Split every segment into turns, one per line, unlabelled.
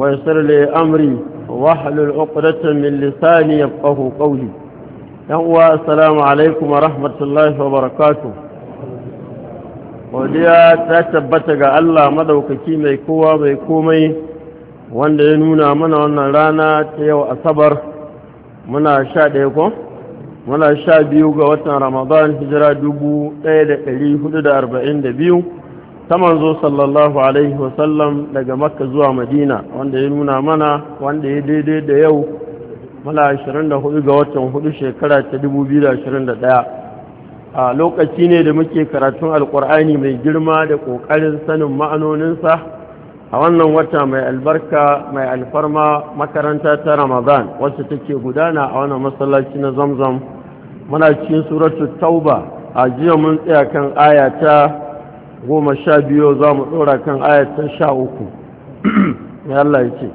ويسر لي أمري واحلل عقدة من لساني يفقه قولي يقوى السلام عليكم ورحمة الله وبركاته godiya ta tabbata ga Allah madaukaki mai kowa mai komai wanda ya nuna mana wannan rana ta yau asabar muna sha ɗaya ko? muna sha biyu ga watan ramadan hijira dubu ɗaya da ɗari hudu da arba'in da biyu ta manzo sallallahu alaihi wasallam daga makka zuwa madina wanda ya nuna mana wanda ya daidai da yau mala 24 ga watan 4 shekara ta 2021 a lokaci ne da muke karatun alkur'ani mai girma da ƙoƙarin sanin ma'anoninsa a wannan wata mai albarka mai alfarma makaranta ta ramadan wacce take gudana a wannan masallaci na zamzam muna cikin suratul tauba a jiya mun tsaya kan ayata. goma sha biyu za mu tsora kan ayatan sha uku ya Allah ya ce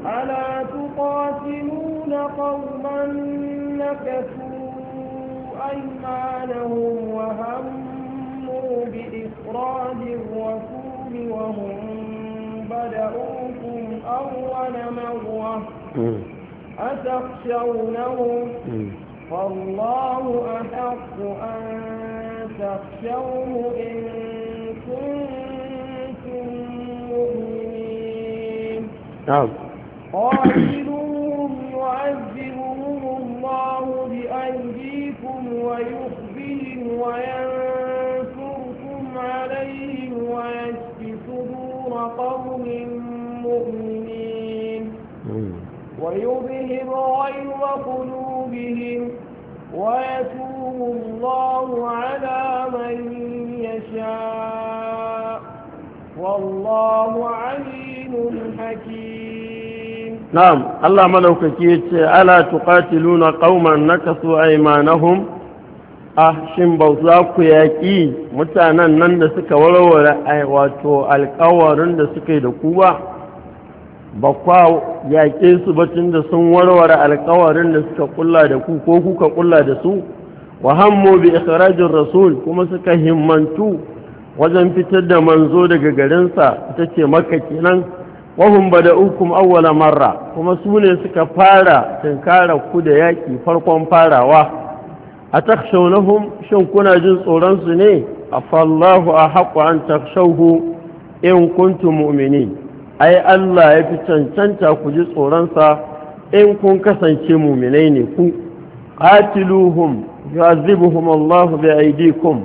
ألا تقاتلون قوما نكثوا أيمانهم وهموا بإخراج الرسول وهم بدأوكم أول مرة أتخشونهم فالله أحق أن تخشوه إن كنتم مؤمنين نعم قاتلوهم يعذبهم الله بأيديكم ويخزيهم وينصركم عليهم ويشفي صدور قوم مؤمنين ويذهب غيظ قلوبهم ويتوب الله على من يشاء والله عليم حكيم
نعم الله ملوك كيت ألا تقاتلون قوما نكثوا أيمانهم ahshin ba za ku yaƙi mutanen nan da suka warware wato alkawarin da suka yi da ku ba ba kwa yaƙe su batun da sun warware alkawarin da suka kulla da ku ko kuka kulla da su wa hammu bi ikhrajin rasul kuma suka himmantu wajen fitar da manzo daga garinsa ita ce maka kenan wahum bada'ukum awwala marra kuma su ne suka fara tunkara ku da yaƙi farkon farawa a takshawnahum shin kuna jin tsoron su ne afallahu ahqqa an takshawhu in kuntum mu'minin ai Allah ya fi cancanta ku ji tsoronsa in kun kasance muminai ne ku qatiluhum yu'azibuhum Allah bi aydikum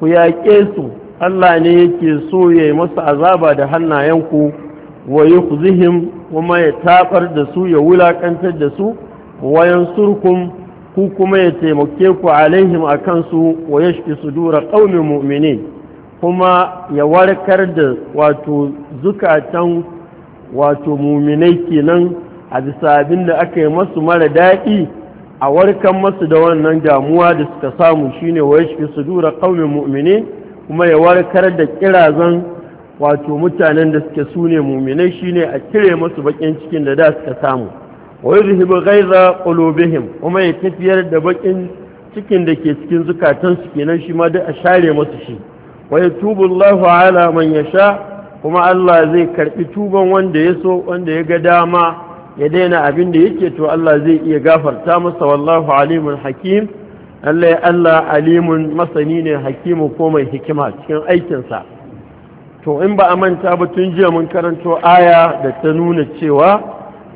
ku yaƙe su Allah ne yake so ya yi masa azaba da hannayenku wa yukhzihim kuma ya tabar da su ya wulakantar da su wa yansurkum ku kuma ya taimake ku alaihim akan su wa yashfi sudura qaumin mu'minin kuma ya warkar da wato zukatan wato muminai kenan a bisa abin da aka yi masu mara daɗi a warkar masu da wannan damuwa da suka samu shine wa su dura ƙaunin mumini kuma ya warkar da kirazan wato mutanen da suke sune muminai shine a kire masu bakin cikin da da suka samu wa yuzhibu ghaiza qulubihim kuma ya tafiyar da bakin cikin da ke cikin zukatansu kenan shi ma duk a share masu shi wa yatubu Allahu ala man yasha kuma Allah zai karbi tuban wanda ya wanda ya ga dama ya daina abin da yake to Allah zai iya gafarta masa wallahu alimul hakim Allah Allah alimun masani ne hakimu ko mai hikima cikin aikinsa to in ba a manta ba tun jiya mun karanto aya da ta nuna cewa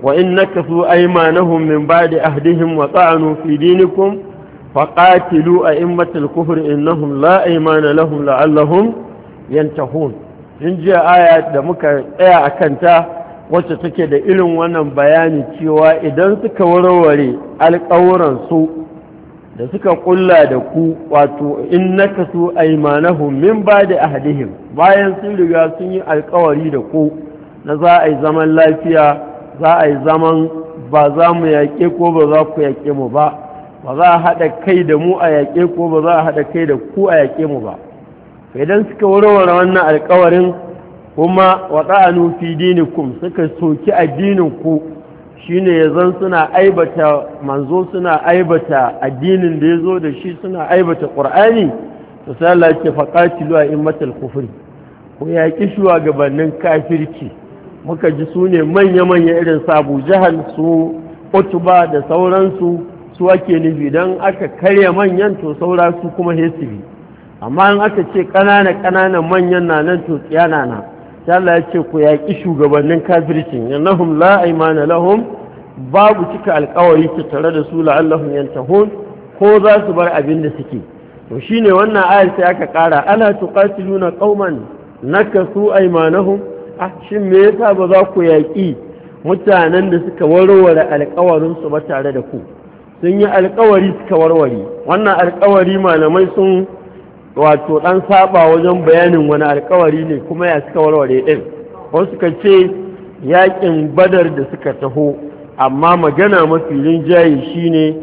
wa in fu aymanahum min ba'di ahdihim wa ta'anu fi dinikum فقاتلوا a الكفر kufur لا إيمان لهم لعلهم ينتهون إن in jiya aya da muka tsaya a kanta wacce take da irin wannan bayani cewa idan suka warware alƙawuransu da suka ƙulla da ku wato in su su min ba da ahadihim bayan sun riga sun yi alƙawari da ku na za a yi zaman lafiya za a yi zaman ba za mu yaƙe ko ba za ku yaƙe mu ba ba za a haɗa kai da mu a yaƙe ko ba za a haɗa kai da ku a yaƙe mu ba idan suka warware wannan alkawarin kuma waɗa'anu fi dinikum suka soki addinin ku shine zan suna aibata manzo suna aibata addinin da ya zo da shi suna aibata ƙur'ani to sai Allah ya ce in matal kufuri ko shuwa gabanin kafirci muka ji su ne manya-manya irin sabu jihar su utuba da sauransu su ake nufi don aka karya manyan to saura su kuma hesibi amma in aka ce ƙanana ƙananan manyan na nan to tsiyana na Allah ya ce ku yaƙi shugabannin kafircin yanahum la aymana lahum babu cika alƙawari ki tare da su la'allahum yantahun ko za su bar abin da suke to shine wannan ayar sai aka ƙara ala tuqatiluna qauman nakasu aymanahum ah shin me yasa ba za ku yaƙi mutanen da suka warware alƙawarin su ba tare da ku sun yi alkawari suka warware wannan alkawari malamai sun wato dan saba wajen bayanin wani alkawari ne kuma ya suka warware din wasu suka ce yakin badar da suka taho amma magana mafi rinjaye shine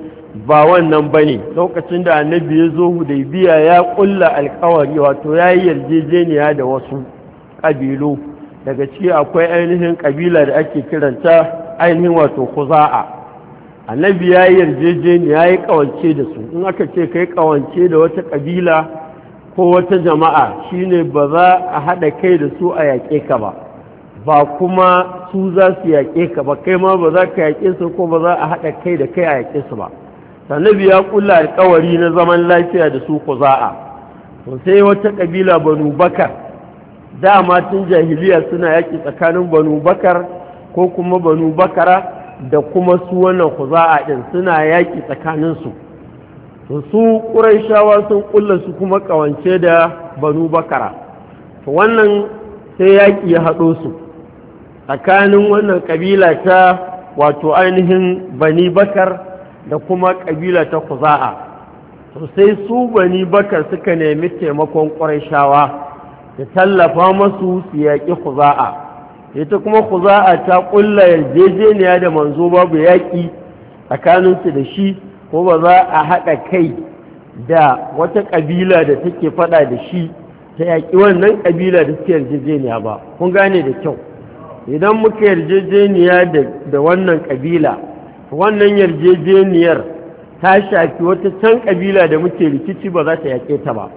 ba wannan bane lokacin da annabi ya zo hudaybiya ya ƙulla alkawari wato ya yi yarjejeniya da wasu kabilu daga ciki akwai ainihin kabila da ake kiranta ainihin wato kuza'a annabi ya yi yarjejeniya ya yi kawance da su in aka ce ka yi kawance da wata kabila ko wata jama'a shine ba za a haɗa kai da su a yaƙe ka ba ba kuma su za su yaƙe ka ba kai ma ba za ka yaƙe su ko ba za a haɗa kai da kai a yaƙe su ba annabi ya ƙulla alƙawari na zaman lafiya da su ku za'a to sai wata kabila banu bakar dama tun jahiliya suna yaƙi tsakanin banu bakar ko kuma banu bakara da kuma su wannan khuza'a din suna yaƙi tsakaninsu to su ƙuraishawa sun ƙulla su kuma ƙawance da banu bakara to wannan sai yaƙi ya haɗo su tsakanin wannan ƙabila ta wato ainihin bani bakar da kuma ƙabila ta kuzaa, to su bani bakar suka nemi taimakon ƙuraishawa da tallafa masu su yaƙi kuzaa. ita kuma ku a ta ƙulla yarjejeniya da manzo babu yaƙi tsakaninsu da shi ko ba za a haɗa kai da wata ƙabila da take faɗa da shi ta yaƙi wannan ƙabila da suke yarjejeniya ba kun gane da kyau idan muka yarjejeniya da wannan ƙabila wannan yarjejeniyar ta shafi wata can ƙabila da muke rikici ba za ta yaƙe ta ba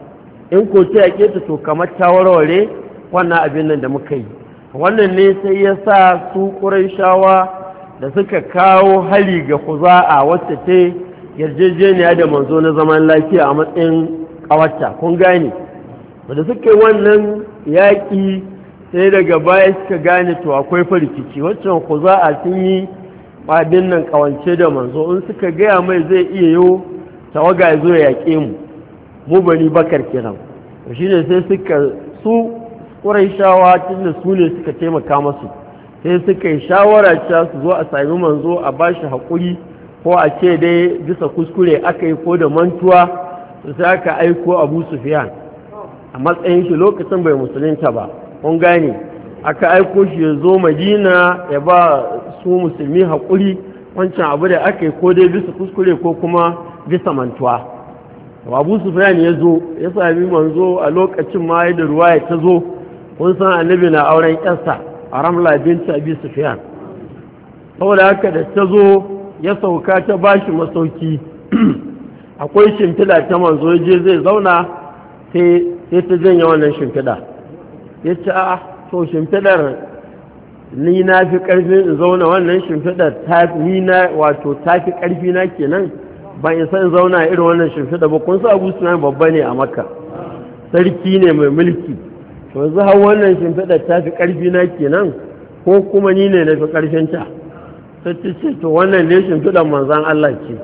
in ko ta yaƙe ta to kamar ta warware wannan abin nan da muka yi wannan ne sai ya sa su ƙuraishawa da suka kawo hali ga a wacce ce yarjejeniya da manzo na zaman lafiya a matsayin ƙawarta kun gane da suka yi wannan yaƙi sai daga baya suka gane to akwai farkici waccan a sun yi ɓadin nan ƙawance da manzo in suka gaya mai zai iya yiwu tawaga zo ya yaƙe mu mu bani bakar kiran shi ne sai suka su ƙuraishawa tun da su ne suka taimaka masu sai suka yi shawara cewa su zo a sami manzo a ba shi haƙuri ko a ce dai bisa kuskure aka yi ko da mantuwa su sai aka aiko abu fiya a matsayin shi lokacin bai musulunta ba kun gane aka aiko shi ya zo madina ya ba su musulmi haƙuri wancan abu da aka yi ko dai bisa kuskure ko kuma bisa mantuwa abu sufiyan ya zo ya sami manzo a lokacin ma da ruwa ya ta zo kun san annabi na auren yarsa a ramla binta abi sufiyan saboda haka da ta zo ya sauka ta bashi masauki akwai shimfiɗa ta manzo je zai zauna sai ta janye wannan shimfiɗa ya ce a to shimfiɗar ni na fi ƙarfin in zauna wannan shimfiɗar ta ni na wato ta fi ƙarfi na kenan ban isa in zauna irin wannan shimfiɗa ba kun sa abu na babba ne a makka sarki ne mai mulki to yanzu har wannan shimfiɗar ta fi ƙarfi na kenan ko kuma ni ne na fi ƙarfin ta ta ce to wannan ne shimfiɗar manzan Allah ce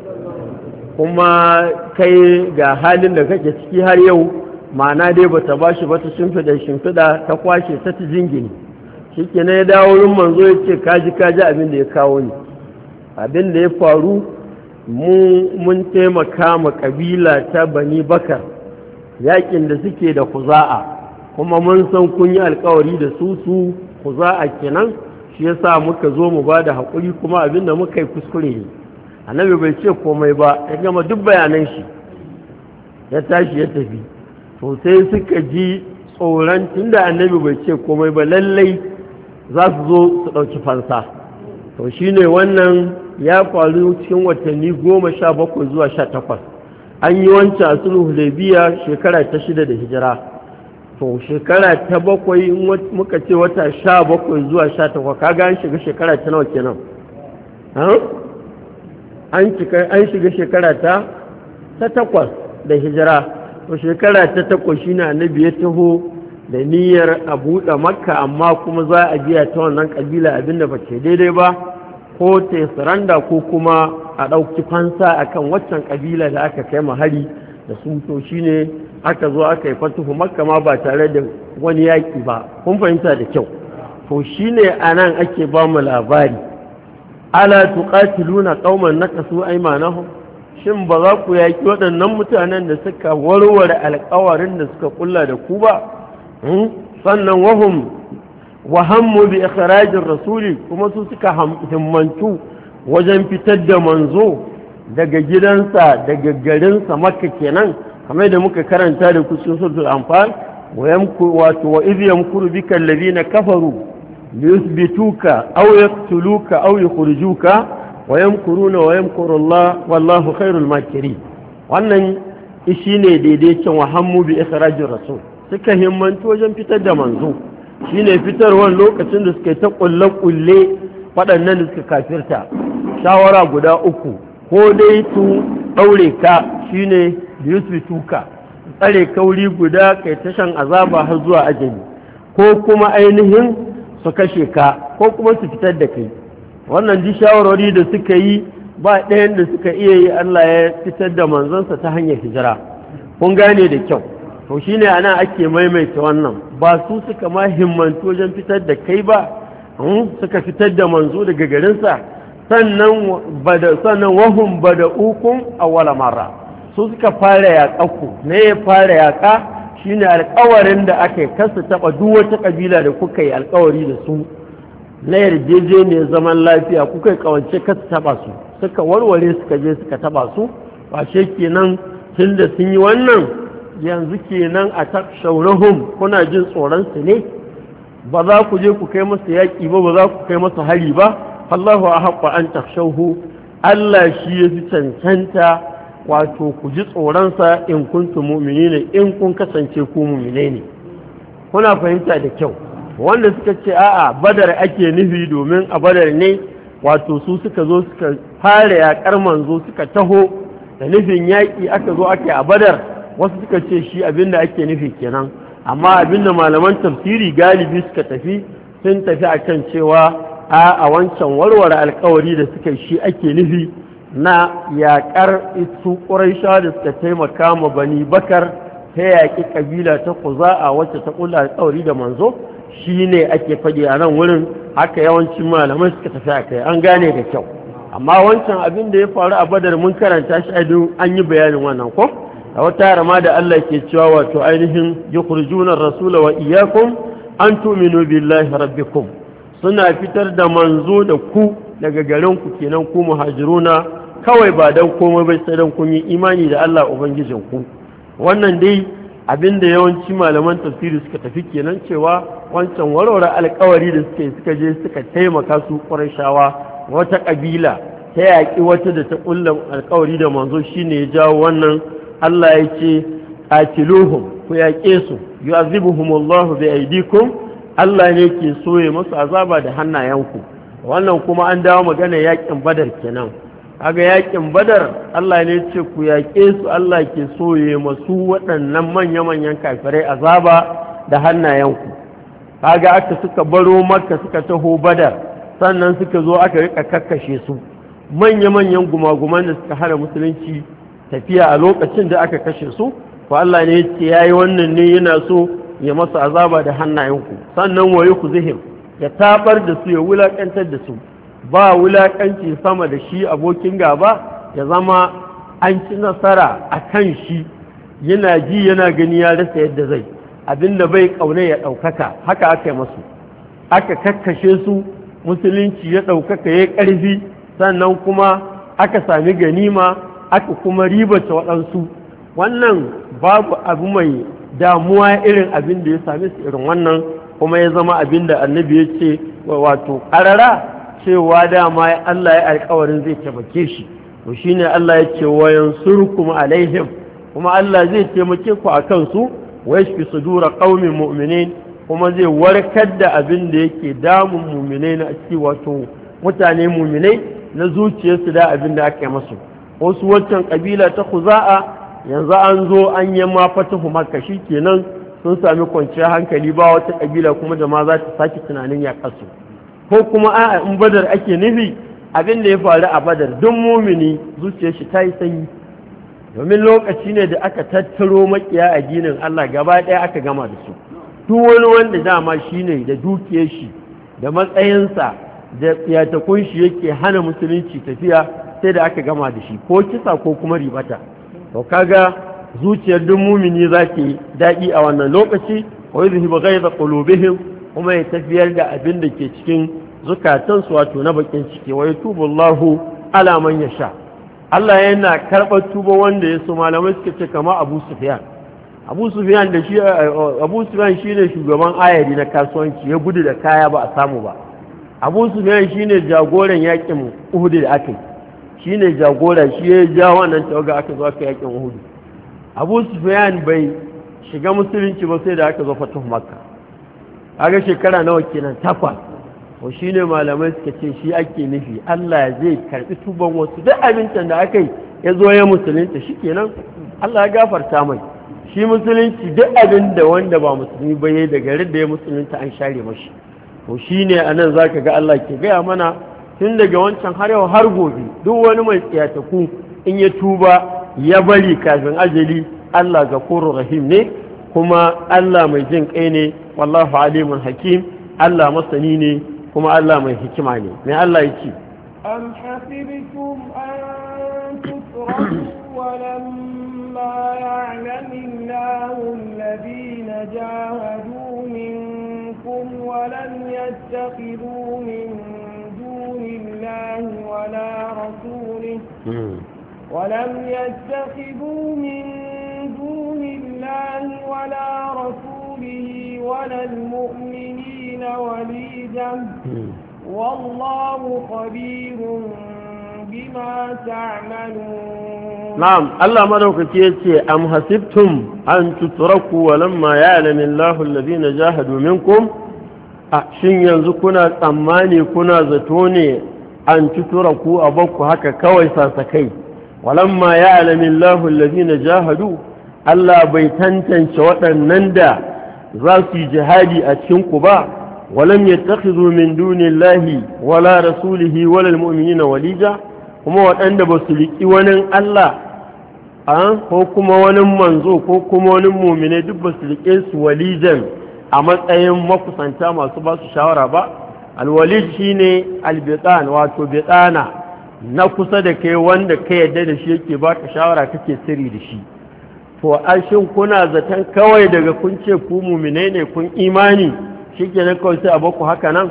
kuma kai ga halin da kake ciki har yau ma'ana dai ba ta bashi ba ta shimfiɗa shimfiɗa ta kwashe ta ta jingini shi na ya dawo wurin manzo ya ce kaji kaji abin da ya kawo ni abin da ya faru mun taimaka ma kabila ta bani bakar yakin da suke da kuza'a kuma mun san kun yi alkawari da su su ku za a kenan shi yasa muka zo mu ba da haƙuri kuma abin da muka yi kuskure ne annabi bai ce komai ba ya gama duk bayanan shi ya tashi ya tafi to sai suka ji tsoron tunda annabi bai ce komai ba lallai za su zo su ɗauki fansa to shine wannan ya faru cikin watanni goma sha bakwai zuwa sha takwas an yi wancan a sulhu shekara ta shida da hijira to shekara ta bakwai muka ce wata sha bakwai zuwa sha takwa kaga an shiga shekara ta nawa kenan an shiga shekara ta ta takwas da hijira to shekara ta takwas shi na annabi ya taho da niyyar a buɗe makka amma kuma za a biya ta wannan ƙabila abinda ba ce daidai ba ko ta yi saranda ko kuma a ɗauki fansa akan waccan ƙabila da aka kai hari da sun to ne. aka zo aka yi fatuhu makka ma ba tare da wani yaƙi ba kun fahimta da kyau to shi a anan ake ba mu labari ala tuqatiluna na naqasu aimanahu. shin ba za ku yaƙi waɗannan mutanen da suka warware alƙawarin da suka kulla da ku ba hmm? sannan wahum wahammu bi ikhrajir rasuli kuma su suka himmantu wajen fitar da manzo daga gidansa daga garinsa makka kenan kamar da muka karanta da kusurin suratul anfal wato wa iz yamkuru bika na kafaru liyuthbituka tuluka yaqtuluka aw yukhrijuka wa yamkuruna wa yamkuru Allah wallahu khairul makirin wannan shine daidaicin wa hammu bi ikhrajir rasul suka himmantu wajen fitar da manzo shine fitarwan lokacin da suka ta kulle kulle waɗannan da suka kafirta shawara guda uku ko dai su ɗaure ka shine da yusu tuka tsare kauri guda kai tashan azaba har zuwa ajami ko kuma ainihin su kashe ka ko kuma su fitar da kai wannan ji shawarwari da suka yi ba ɗayan da suka iya yi Allah ya fitar da manzansa ta hanyar hijira kun gane da kyau to shine ana ake maimaita wannan ba su suka ma himmantu wajen fitar da kai ba hmm, suka fitar da manzo daga garinsa sannan wahun bada ukun a wala mara su suka fara yaƙa ku ne ya fara yaƙa shi ne alƙawarin da aka yi kasu taɓa duk wata ƙabila da kuka yi alƙawari da su na yarjejeniyar zaman lafiya kuka yi ƙawance kasu taɓa su suka warware suka je suka taɓa su ba shi kenan tun da sun yi wannan yanzu kenan a shaurahun kuna jin tsoronsu ne ba za ku je ku kai masa yaƙi ba ba za ku kai masa hari ba Allahu a an tafshauhu Allah shi ya fi cancanta wato ku ji tsoronsa in mumini ne in kun kasance ku mumini ne kuna fahimta da kyau wanda suka ce a'a badar ake nufi domin a badar ne wato su suka zo suka fara yaƙar manzo suka taho da nufin yaƙi aka zo ake a badar wasu suka ce shi abinda ake nufi kenan amma abinda malaman tafsiri galibi suka tafi sun tafi akan cewa a a wancan warware alkawari da suka shi ake nufi na yaƙar isu ƙuraisha da suka taimaka ma bani bakar ta yaƙi ƙabila ta a wacce ta ƙula tsauri da manzo shi ne ake faɗi a nan wurin haka yawancin malamai suka tafi a kai an gane da kyau amma wancan abin da ya faru a badar mun karanta shi a an yi bayanin wannan ko a wata rama da Allah ke cewa wato ainihin yukhrijuna rasula wa Iyakun. an tu'minu billahi rabbikum suna fitar da manzo da ku daga garin ku kenan ku muhajiruna kawai ba don komai bai sai don kun imani da Allah ubangijin ku. wannan dai abinda yawanci malaman tafsiri suka tafi kenan cewa wancan warware alkawari da suka yi suka je suka taimaka su ƙwarshawa wata ƙabila ta yaƙi wata da ta ƙulla alkawari da manzo shine ya jawo wannan Allah ya ce qatiluhum ku yaƙe su Allah bi aidikum Allah ne ke soye masu azaba da hannayenku wannan kuma an dawo magana yaƙin badar kenan aga yakin badar Allah ne ce ku yaƙe su Allah ke soye masu waɗannan manya-manyan kafirai azaba da hannayenku kaga aka suka baro maka suka taho badar sannan suka zo aka rika kakkashe su manya-manyan gumaguman da suka hana musulunci tafiya a lokacin da aka kashe su ko Allah ne ya ce yayi wannan ne yana so ya masa azaba da hannayenku sannan waye ku zihim ya tabar da su ya wulakantar da su ba wulaƙanci sama da shi abokin gaba ya zama an ci nasara a kan shi yana ji yana gani ya rasa yadda zai abinda bai ƙauna ya ɗaukaka haka aka yi masu aka kakkashe su musulunci ya ɗaukaka ya ƙarfi sannan kuma aka sami ganima aka kuma ribata waɗansu wannan babu abu mai damuwa irin abin da ya sami su irin wannan kuma ya zama abin da annabi ya ce wato ƙarara cewa dama Allah ya alkawarin zai taimake shi to shine Allah ya ce wayan alaihim kuma Allah zai taimake ku akan su wa yashfi sudura qaumin mu'minin kuma zai warkar da abin da yake damun mu'minai na ciki wato mutane mu'minai na zuciyarsu da abin da aka yi masu wasu waccan kabila ta khuza'a yanzu an zo an yi ma fatahu makka kenan sun sami kwanciyar hankali ba wata kabila kuma da ma za ta sake tunanin ya kasu ko kuma a'a in badar ake nufi abin da ya faru a badar duk mumini zuciyar shi ta yi sanyi domin lokaci ne da aka tattaro makiya a ginin Allah gaba ɗaya aka gama da su duk wani wanda dama shi ne da dukiyar shi da matsayinsa da tsiyatakun shi yake hana musulunci tafiya sai da aka gama da shi ko kisa ko kuma ribata to kaga zuciyar duk mumini za ki daɗi a wannan lokaci wa yuzhibu ghaiza qulubihim kuma ya tafiyar da abin da ke cikin zukatansu wato na bakin ciki wai tuballahu Allahu ala man yasha Allah yana karɓar tuba wanda ya so malamai suka ce kama Abu Sufyan Abu Sufyan da shi Abu Sufyan shine shugaban ayari na kasuwanci ya gudu da kaya ba a samu ba Abu Sufyan shine jagoran yakin Uhud da aka shine jagora shi ya ja wannan tawaga aka zo aka yakin Uhudu. Abu Sufyan bai shiga musulunci ba sai da aka zo fatuh Makka ga shekara nawa kenan takwas ko shi ne malamai suka ce shi ake nufi Allah zai karbi tuban wasu duk abincin da aka yi ya zo ya musulunta shi kenan Allah ya gafarta mai shi musulunci duk abin da wanda ba musulmi ba ya daga da ya musulunta an share mashi ko shi ne a nan za ka ga Allah ke gaya mana tun daga wancan har yau har gobe duk wani mai tsiyataku in ya tuba ya bari kafin ajali Allah ga gafurur rahim ne kuma Allah mai jin kai ne wallahu alimun hakim Allah masani ne kuma Allah mai hikima ne mai Allah yake
am hasibtum an tusrafu wa lamma ya'lam Allahu alladhina jahadu minkum wa lam yattakhidhu min dunillahi wala rasulihi ولم يتخذوا من دون الله ولا رسوله به ولا المؤمنين وليدا والله خبير بما تعملون
نعم الله ملوك يتي أم حسبتم أن تتركوا ولما يعلم الله الذين جاهدوا منكم shin yanzu kuna tsammani kuna zato ne an ci ku a bakku haka kawai sasakai walamma ya alamin na jahadu Allah bai tantance waɗannan da za su yi jihadi a cikin ku ba walam yattakhidhu min dunillahi wala rasulihi wala almu'minina walija kuma waɗanda ba su riƙi wani Allah ko kuma wani manzo ko kuma wani mumine duk ba su riƙe su walijan a matsayin makusanta masu ba su shawara ba alwalid shine albitan wato bitana na kusa da kai wanda ka yarda da shi yake baka shawara kake sirri da shi to ashin kuna zaton kawai daga kun ce ku muminai ne kun imani shi ke na kawai sai a baku haka nan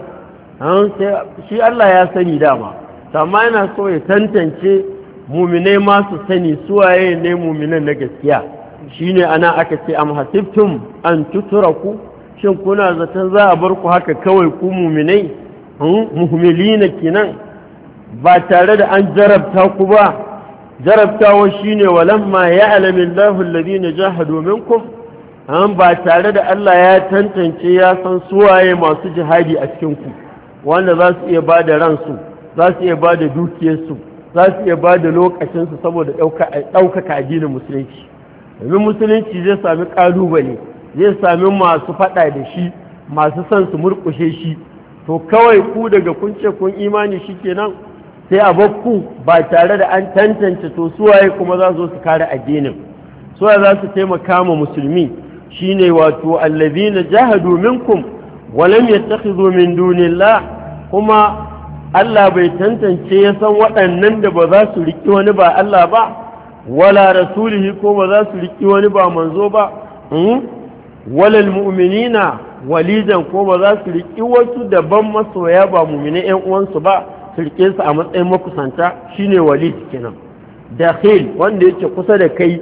shi Allah ya sani dama amma yana so ya tantance mumine masu sani suwaye ne muminan na gaskiya Shi ne ana aka ce am hasiftum an ku? shin kuna zaton za a bar ku haka kawai ku muminai hmm, na kinan ba tare da an jarabta ku ba jarabtawa shine walamma ya alamin lahun ladina jahadu minkum an ba tare da Allah ya tantance ya san suwaye masu jihadi a cikin ku wanda za su iya ba ransu za su iya bada da dukiyarsu za su iya bada da lokacinsu saboda ɗaukaka addinin musulunci domin musulunci zai sami ƙalubale zai sami masu faɗa da shi masu san su murƙushe shi to kawai ku daga kun ce kun imani shi kenan sai a bakku ba tare da an tantance to suwaye kuma za su kare addinin suwa za su taimaka ma musulmi shine wato allazina jahadu minkum walam yattakhidhu min dunillah kuma Allah bai tantance ya san waɗannan da ba za su riki wani ba Allah ba wala rasulihi ko ba za su riki wani ba manzo ba hmm? walal mu'minina walidan ko ba za su riki wasu daban masoya ba mu'mine ƴan uwansu ba firkinsa a matsayin makusanta shine wali kenan dakhil wanda yake kusa da kai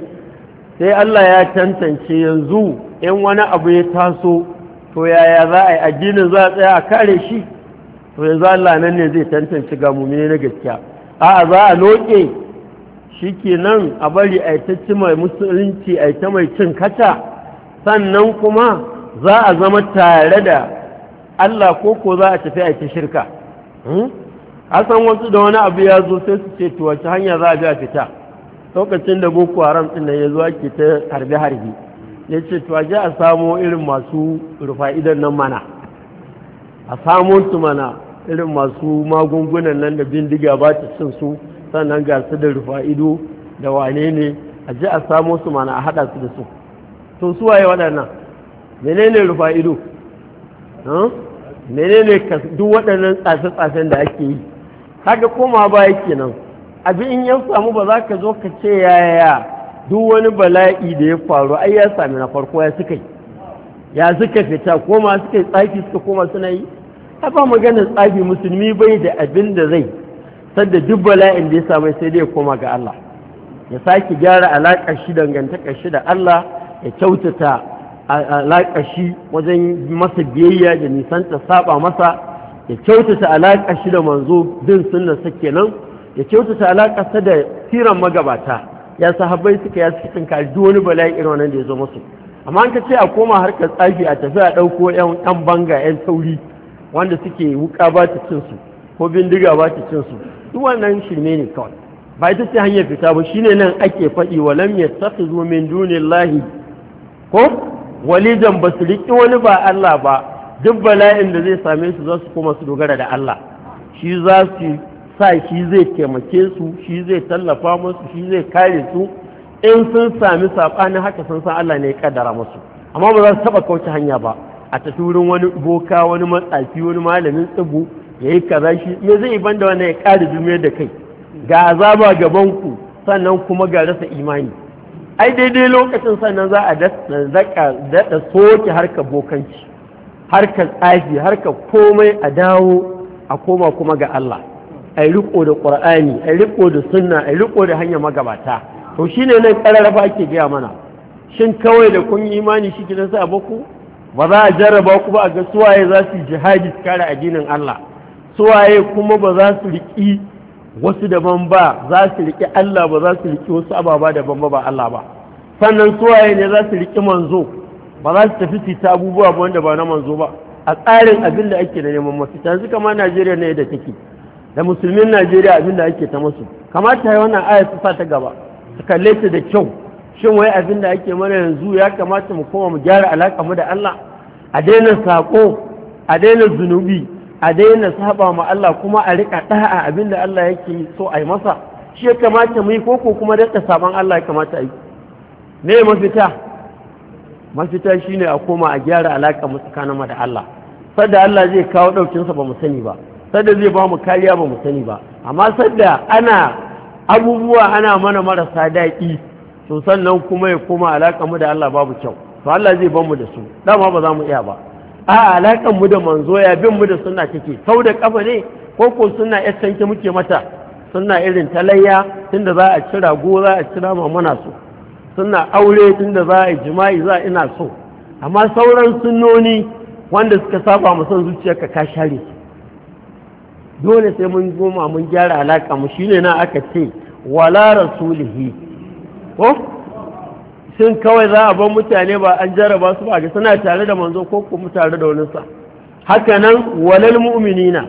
sai Allah ya tantance yanzu in wani abu ya taso to yaya za a yi addinin za a tsaya a kare shi to yanzu Allah nan ne zai tantance ga mumine na gaskiya a'a za a loke shikenan a bari a ta ci mai musulunci a ta mai cin kata sannan kuma za a zama tare da Allah ko ko za a tafi a ta shirka hmm? san wasu da wani abu ya zo sai su ce to wace hanya za a bi a fita lokacin da boko haram din nan ya zo ake ta harbe harbe ya ce to aje a samo irin masu rufa'idan nan mana a samo su mana irin masu magungunan nan da bindiga ba ta cin su sannan ga su da rufa'ido da wane ne ji a samo su mana a haɗa su da su to su waye waɗannan menene rufa'ido menene ne duk waɗannan tsafe-tsafen da ake yi kaga koma baya kenan abin in ya samu ba za ka zo ka ce yaya duk wani bala'i da ya faru ai ya sami na farko ya suka yi ya suka fita koma suka yi tsafi suka koma suna yi ta ba magana tsafi musulmi bai da abin da zai sadda duk bala'in da ya samu sai dai koma ga Allah ya sake gyara alaƙar shi dangantakar shi da Allah ya kyautata alaƙar shi wajen masa biyayya da nisanta saba masa ya kyautata alaƙa shi da manzo bin sunnarsa kenan ya kyautata sa da siran magabata ya sahabbai suka ya suka tunkari duk wani bala'i irin wannan da ya zo musu amma an ka ce a koma harkar tsafi a tafi a ɗauko ƴan banga yan sauri, wanda suke wuka ba ta cin su ko bindiga ba ta cin su duk wannan shirme ne kawai ba ita ce hanyar fita ba shine nan ake faɗi wa lam yattakhidhu min dunillahi ko walidan basu riki wani ba Allah ba duk bala'in da zai same su za su koma su dogara da Allah shi za su sa shi zai taimake su shi zai tallafa musu shi zai kare su in sun sami saɓanin haka sun san Allah ne ya kaddara musu amma ba za su taɓa kauce hanya ba a tafi wurin wani boka wani matsafi wani malamin tsibu ya yi kaza shi me zai ban da wannan ya ƙara dumiyar da kai ga azaba gaban ku sannan kuma ga rasa imani ai daidai lokacin sannan za a daɗa soke harka bokanci harkar tsafi harkar komai a dawo a koma kuma ga Allah a riko da ƙur'ani a riko da sunna a riko da hanyar magabata to ne nan ƙararrafa ake gaya mana shin kawai da kun imani shi kidan sa baku ba za a jarraba ku ba a ga suwaye za su jihadi su kare addinin Allah suwaye kuma ba za su riƙi wasu daban ba za su riƙi Allah ba za su riƙi wasu ababa daban ba ba Allah ba sannan suwaye ne za su riƙi manzo ba za su tafi su ta abubuwa ba wanda ba na manzo ba a tsarin abin da ake da neman mafita tanzu kama najeriya ne da take da musulmin najeriya abin da ake ta masu. kamata yi wannan aya su sa ta gaba su kalle su da kyau shin wai abin da ake mana yanzu ya kamata mu koma mu gyara alaƙa mu da allah a daina saƙo a daina zunubi a daina saba ma allah kuma a riƙa ɗa'a abin da allah yake so a yi masa shi ya kamata mu yi koko kuma daɗa saban allah ya kamata a yi me mafita mafita shi ne a koma a gyara alaƙa mu mu da Allah sadda Allah zai kawo ɗaukinsa ba mu sani ba sadda zai ba mu kariya ba mu sani ba amma sadda ana abubuwa ana mana marasa daɗi to sannan kuma ya koma alaƙa mu da Allah babu kyau to Allah zai ban mu da su dama ba za mu iya ba a alaƙan mu da manzo ya bin mu da sunna take Sau da ƙafa ne ko ko suna yar muke mata suna irin talayya tunda za a cira, go za a cira ma muna su. suna aure tun da za a jima'i za ina so amma sauran sunoni, wanda suka saba mu son zuciyarka ka share dole sai mun goma mun gyara alaka mu shine na aka ce wala rasulihi ko shin kawai za a bar mutane ba an jaraba su ba ga suna tare da manzo ko kuma tare da wani sa haka nan walal mu'minina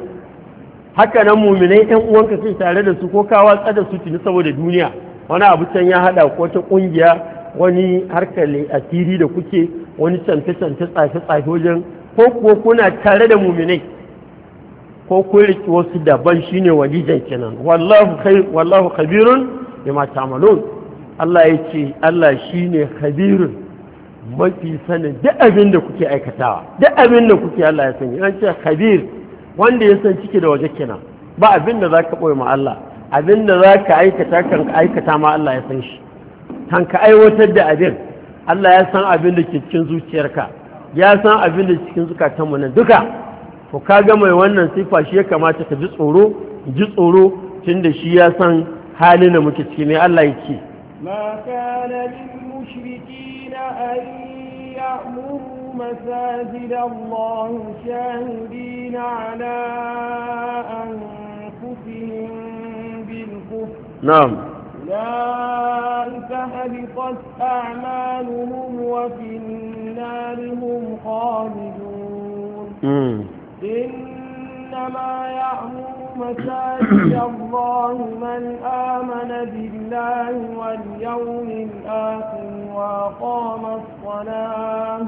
haka nan mu'minai ɗan uwanka sai tare da su ko kawa tsada su tuni saboda duniya wani abu can ya hada ko ta ƙungiya wani harkar asiri da kuke wani canfe-canfe tsafe-tsafe wajen ko kuwa kuna tare da muminai ko kun riƙe wasu daban shine walijan kenan wallahu khair wallahu khabirun bima ta'malun Allah ya ce Allah shine khabirun mafi sanin duk abin da kuke aikatawa duk abin da kuke Allah ya sani an ce khabir wanda ya san cike da waje kenan ba abin da zaka boye ma Allah abin da za ka aikata kan aikata ma Allah ya san shi kan ka aiwatar da abin Allah ya san abin da ke cikin zuciyarka ya san abin da cikin mu nan duka to ka ga mai wannan sifa shi ya kamata ka ji tsoro ji tsoro tunda shi ya san halin da muke ciki ne Allah yake
ma kana lil an ya'muru
بالكفر نعم
أولئك هبطت أعمالهم وفي النار هم خالدون إنما يأمر مساجد الله من آمن بالله واليوم الآخر وأقام الصلاة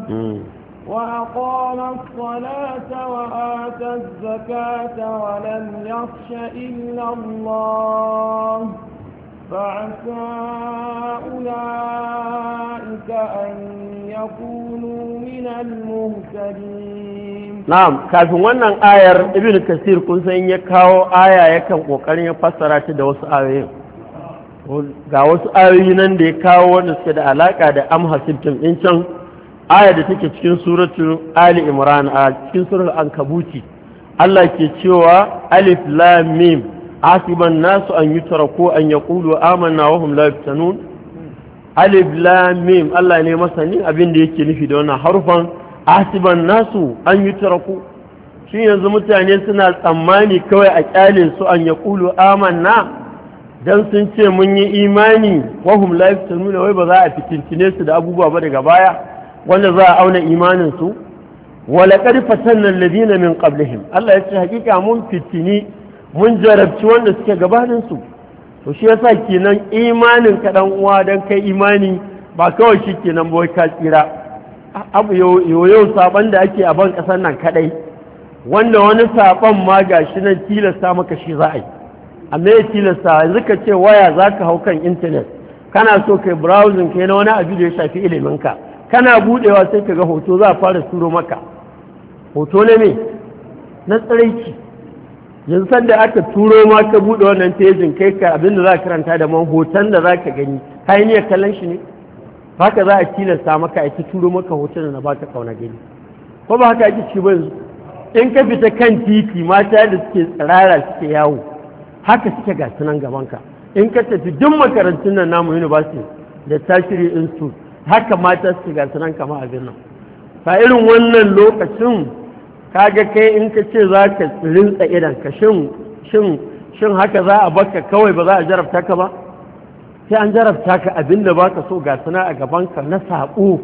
وأقام الصلاة وآت الزكاة ولم يخش إلا الله فعسى أولئك أن يكونوا من المهتدين
نعم kafin وانا آير ابن كثير كن سين يكاو آية يكاو وقال يفسر عشد fassara ga wasu ayoyi nan da ya kawo wanda suke da alaka da amhasibtum din can aya da take cikin suratul ali imran a cikin suratul ankabuti Allah ke cewa alif lam mim asiban nasu an yutraku an yaqulu amanna wa hum la yaftanun alif lam mim Allah ne masanin abin da yake nufi da wannan harfan asiban nasu an yutraku shi yanzu mutane suna tsammani kawai a kyalin su an yaqulu amanna dan sun ce mun yi imani wa hum la yaftanun wai ba za a fitintine su da abubuwa ba daga baya wanda za a auna imaninsu wala ƙarfa sannan ladina min qablihim Allah ya ce hakika mun fitini mun jarabci wanda suke gabaninsu to shi yasa kenan imanin ka dan uwa dan kai imani ba kawai shi kenan ba ka tsira abu yoyo saban da ake a ban ƙasar nan kadai wanda wani saban ma gashi nan tilasta maka shi za a yi amma ya tilasta yanzu ka ce waya zaka ka hau kan intanet kana so kai browsing kai na wani abu da ya shafi iliminka kana budewa sai ka ga hoto za a fara turo maka hoto ne me na tsiraici yanzu sanda aka turo ma bude wannan tejin kai ka abin da za a karanta da man hoton da za ka gani ka yi kallon shi ne haka za a tilasta maka a turo maka hoton da ba ka kauna gani ko ba haka ake ci ba yanzu in ka fita kan titi mata da suke tsirara suke yawo haka suke ga sunan gabanka in ka tafi duk makarantun nan namu university da tertiary institute haka mata su gasu nan kama abin nan ta irin wannan lokacin kaga kai in ka ce za ka rinsa idan ka shin haka za a baka kawai ba za a jarabta ka ba sai an jarabta ka abin da baka so ga suna a ka na saƙo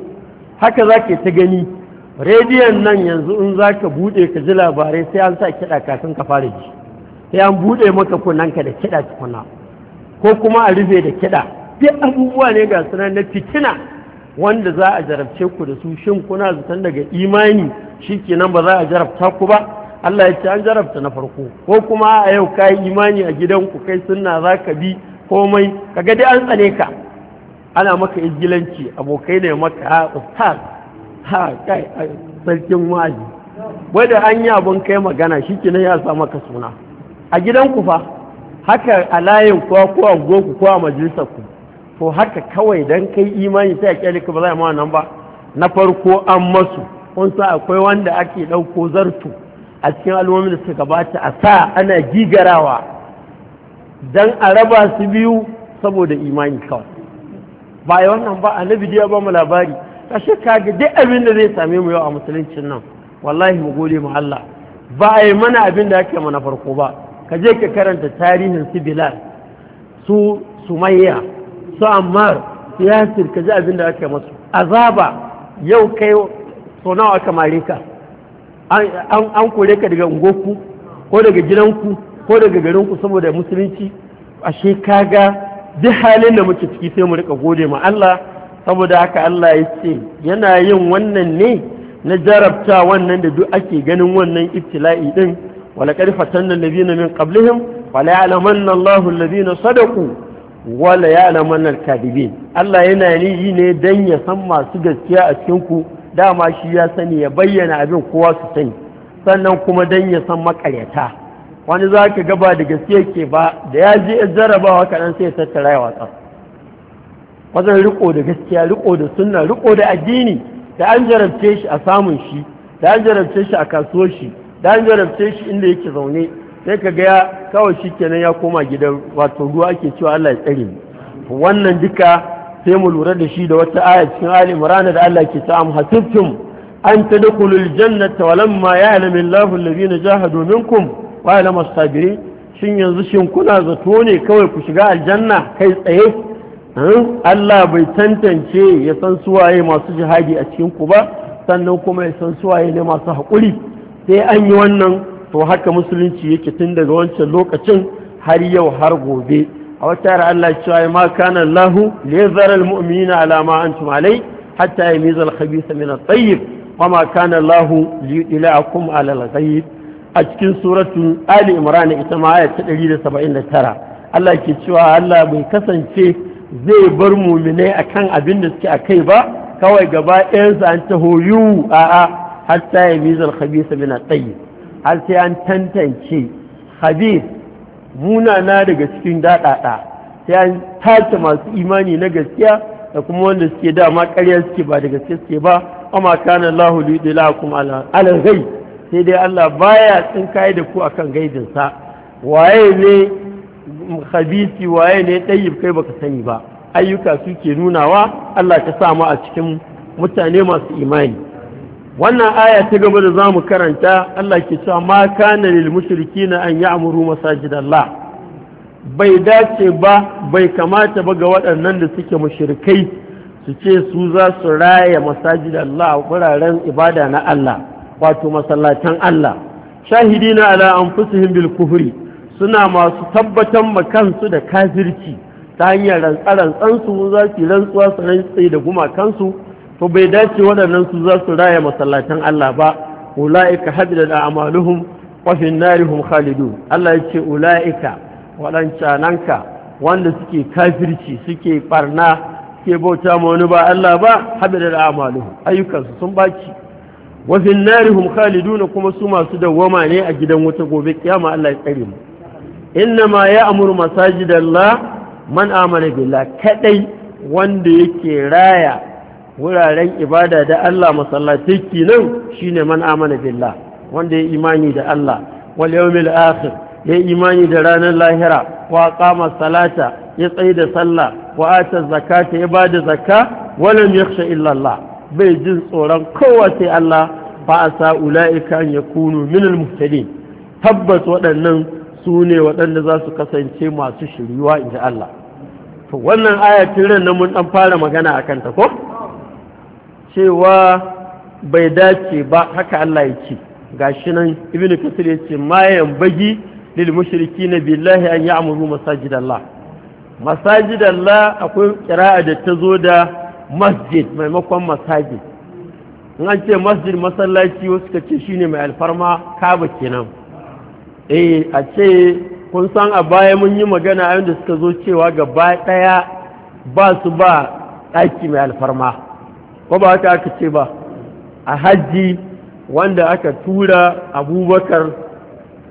haka za ke ta gani rediyon nan yanzu in za ka buɗe ka ji labarai sai an sa kiɗa kafin ka fara ji sai an buɗe maka ka da kiɗa tukuna ko kuma a rufe da kiɗa duk abubuwa ne ga suna na fitina wanda za a jarabce ku da su shin kuna zaton daga imani shikenan ba za a jarabta ku ba Allah ya ce an jarabta na farko ko kuma a yau kai imani a gidanku kai sunna za ka bi komai kaga dai an tsane ka ana maka izgilanci abokai ne maka ha ustaz ha kai sarkin wazi wanda an yi abin kai magana shikenan ya sa maka suna a gidanku fa haka a layin ko ko a ku ko a majalisar ku ko haka kawai don kai imani sai a kyali ka ba za a mawa nan ba na farko an masu kun akwai wanda ake ɗauko zartu a cikin al'ummomin da suka gabata a sa ana gigarawa don a raba su biyu saboda imani kawai ba a yi wannan ba a na bidiyo ba mu labari kashe kaga duk abin da zai same mu yau a musuluncin nan wallahi mu gode mu Allah ba a yi mana abin da ake mana farko ba ka je ka karanta tarihin su Bilal su Sumayya su ammar su ka ji abin da aka masu azaba yau kai so aka mare ka an kore ka daga ungoku ko daga gidanku ko daga garinku saboda musulunci ashe shekaga duk halin da muke ciki sai mu rika gode ma Allah saboda haka Allah ya ce yana yin wannan ne na jarabta wannan da duk ake ganin wannan ibtila'i din wala qad fatanna allazina min qablihim wala ya'lamanna Allahu alladhina sadaqu wala ya alamanar kadibin Allah yana yi ne don ya san masu gaskiya a cikinku dama shi ya sani ya bayyana abin kowa su sani sannan kuma don ya san makaryata wani za ka gaba da gaskiya ke ba da ya je jarabawa kaɗan sai ya tattara ya watsa wajen riko da gaskiya riko da sunna riko da addini da an jarabce shi a samun shi da an jarabce shi a kasuwar shi da an jarabce shi inda yake zaune sai ka gaya kawai shi kenan ya koma gidan wato ruwa ake cewa Allah ya tsare wannan duka sai mu lura da shi da wata aya cikin Ali Imran da Allah ke ta am hasibtum an tadkhulul jannata walamma ya'lamu Allahu alladhina jahadu minkum wa ya'lamu as-sabirin shin yanzu shin kuna zato ne kawai ku shiga aljanna kai tsaye hmm? Allah bai tantance ya san suwaye masu jihadi a cikin ku ba sannan kuma ya san suwaye ne masu haƙuri sai an yi wannan to haka musulunci yake tun daga wancan lokacin har yau har gobe a wata yara Allah cewa ma kana Allahu li yazara almu'minina ala alama an tumalai hatta yamiza al-khabitha min at-tayyib wa ma kana Allahu li yudla'akum ala a cikin suratu Ali Imran ita ma aya ta 179 Allah ke cewa Allah bai kasance zai bar muminai kan abin da suke a kai ba kawai gaba ɗayansu an ta hoyu a'a hatta yamiza al-khabitha min na tayyib har sai an tantance habib na daga cikin daɗaɗa sai an tace masu imani na gaskiya da kuma wanda suke dama ƙarya suke ba da gaske suke ba amma kana Allahu lidila kuma alal ghaib sai dai Allah baya tsinka da ku akan sa waye ne khabisi waye ne tayyib kai baka sani ba ayyuka suke nunawa Allah ta mu a cikin mutane masu imani wannan aya ta gaba da zamu karanta Allah ke cewa ma kana lil mushrikina an ya'muru masajidallah bai dace ba bai kamata ba ga waɗannan da suke mushrikai su ce su za su raya masajidallah wuraren ibada na Allah wato masallatan Allah shahidina ala anfusihim bil kufri suna masu tabbatar ma kansu da kafirci ta hanyar rantsarantsansu za su rantsuwa su rantsai da gumakansu to bai dace waɗannan su za su raya masallatan Allah ba ula'ika hadda da amaluhum wa fi narihum khalidu Allah ya ce ula'ika waɗancananka wanda suke kafirci suke barna suke bauta ma wani ba Allah ba hadda da amaluhum ayyukansu sun baci wa fi narihum khalidun kuma su masu dawwama ne a gidan wuta gobe kiyama Allah ya tsare mu innama ya amuru masajidallah man amana billah kadai wanda yake raya wuraren ibada da Allah masallatai kinan shine man amana billah wanda ya imani da Allah wal yawmil akhir ya imani da ranar lahira wa qama salata ya tsaye da sallah wa ata zakata ya bada zakka walam yakhsha illa Allah bai jin tsoron kowa sai Allah fa asa ulaika an yakunu min al muhtadin tabbas waɗannan su ne waɗanda za su kasance masu shiryuwa inda Allah to wannan ayatin ran nan mun dan fara magana akan ta ko cewa bai dace ba haka Allah ya ce gashi nan Ibn kasir ya ce ma bagi lil mushrikina billahi an ya'muru masajidallah masajidallah akwai kira'a da ta zo da masjid maimakon masajid in an ce masjid masallaci wasu ka ce shine mai alfarma kaba kenan eh a ce kun san a baya mun yi magana a da suka zo cewa gaba daya ba su ba ɗaki mai alfarma ko ba haka aka ce ba a hajji wanda aka tura abubakar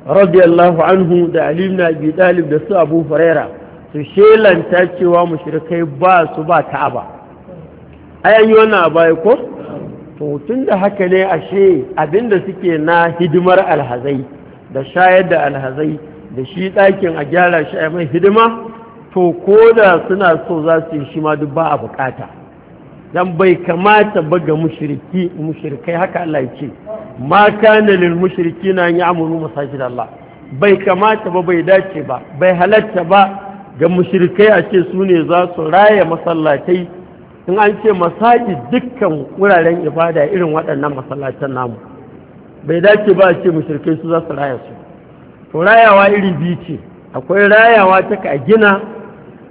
radiyallahu anhu da alimna na dalib da su abu furaira su shelanta cewa mushrikai ba su ba aba ayan yi wannan a baya ko to tun da haka ne ashe abinda suke na hidimar alhazai da shayar da alhazai da shi ɗakin a gyara shi a mai hidima to ko da suna so za su yi shi ma duk ba a bukata dan bai kamata ba ga mushriki mushrikai haka Allah ya ce ma kana lil mushrikina an ya'muru masajid Allah bai kamata ba bai dace ba bai halatta ba ga mushrikai a ce su ne za su raya masallatai in an ce masajid dukkan wuraren ibada irin waɗannan masallatan namu bai dace ba a ce mushrikai su za su raya su to rayawa iri biyu ce akwai rayawa ta ka gina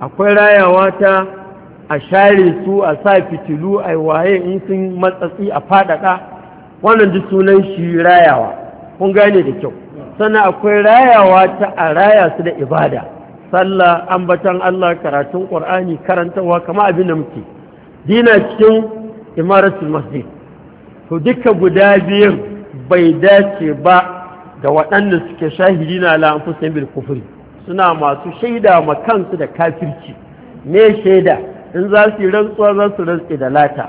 akwai rayawa ta a share su a sa fitilu a waye in sun matsatsi a faɗaɗa wannan duk sunan shi rayawa kun gane da kyau sannan akwai rayawa ta a raya su da ibada sallah ambatan Allah karatun ƙur'ani karantarwa kama abin da muke dina cikin imaratul masjid to duka guda biyar bai dace ba da waɗanda suke shahidi na la anfusin bil kufri suna masu shaida ma kansu da kafirci ne shaida in za su yi rantsuwa za su rantse da lata